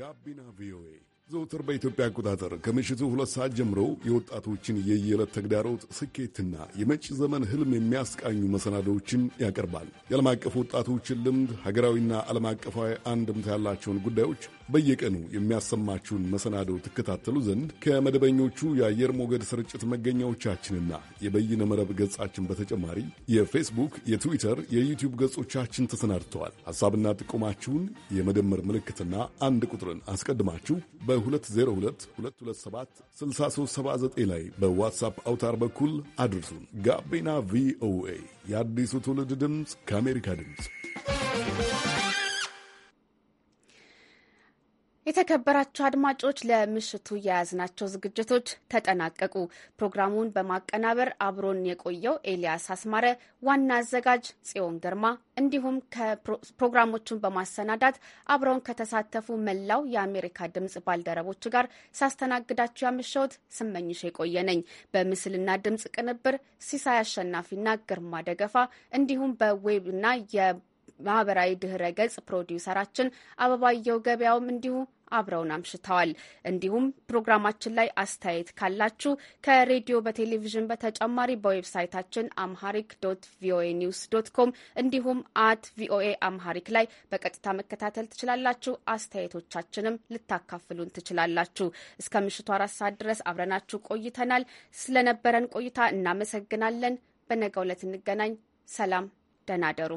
ጋቢና ቪኦኤ ዘውትር በኢትዮጵያ አቆጣጠር ከምሽቱ ሁለት ሰዓት ጀምሮ የወጣቶችን የየዕለት ተግዳሮት ስኬትና የመጪ ዘመን ህልም የሚያስቃኙ መሰናዶዎችን ያቀርባል። የዓለም አቀፍ ወጣቶችን ልምድ፣ ሀገራዊና ዓለም አቀፋዊ አንድምታ ያላቸውን ጉዳዮች በየቀኑ የሚያሰማችሁን መሰናዶ ትከታተሉ ዘንድ ከመደበኞቹ የአየር ሞገድ ስርጭት መገኛዎቻችንና የበይነ መረብ ገጻችን በተጨማሪ የፌስቡክ፣ የትዊተር፣ የዩቲዩብ ገጾቻችን ተሰናድተዋል። ሐሳብና ጥቆማችሁን የመደመር ምልክትና አንድ ቁጥርን አስቀድማችሁ በ202227 6379 ላይ በዋትሳፕ አውታር በኩል አድርሱን። ጋቢና ቪኦኤ የአዲሱ ትውልድ ድምፅ ከአሜሪካ ድምፅ የተከበራቸው አድማጮች ለምሽቱ የያዝናቸው ዝግጅቶች ተጠናቀቁ። ፕሮግራሙን በማቀናበር አብሮን የቆየው ኤልያስ አስማረ፣ ዋና አዘጋጅ ጽዮን ግርማ እንዲሁም ፕሮግራሞቹን በማሰናዳት አብረውን ከተሳተፉ መላው የአሜሪካ ድምጽ ባልደረቦች ጋር ሳስተናግዳችሁ ያመሸሁት ስመኝሽ የቆየ ነኝ። በምስልና ድምጽ ቅንብር ሲሳይ አሸናፊና ግርማ ደገፋ እንዲሁም በዌብና የማህበራዊ ድህረ ገጽ ፕሮዲውሰራችን አበባየው ገበያውም እንዲሁ አብረውን አምሽተዋል። እንዲሁም ፕሮግራማችን ላይ አስተያየት ካላችሁ ከሬዲዮ በቴሌቪዥን በተጨማሪ በዌብሳይታችን አምሃሪክ ዶት ቪኦኤ ኒውስ ዶት ኮም እንዲሁም አት ቪኦኤ አምሃሪክ ላይ በቀጥታ መከታተል ትችላላችሁ። አስተያየቶቻችንም ልታካፍሉን ትችላላችሁ። እስከ ምሽቱ አራት ሰዓት ድረስ አብረናችሁ ቆይተናል። ስለነበረን ቆይታ እናመሰግናለን። በነገው ዕለት እንገናኝ። ሰላም፣ ደህና ደሩ።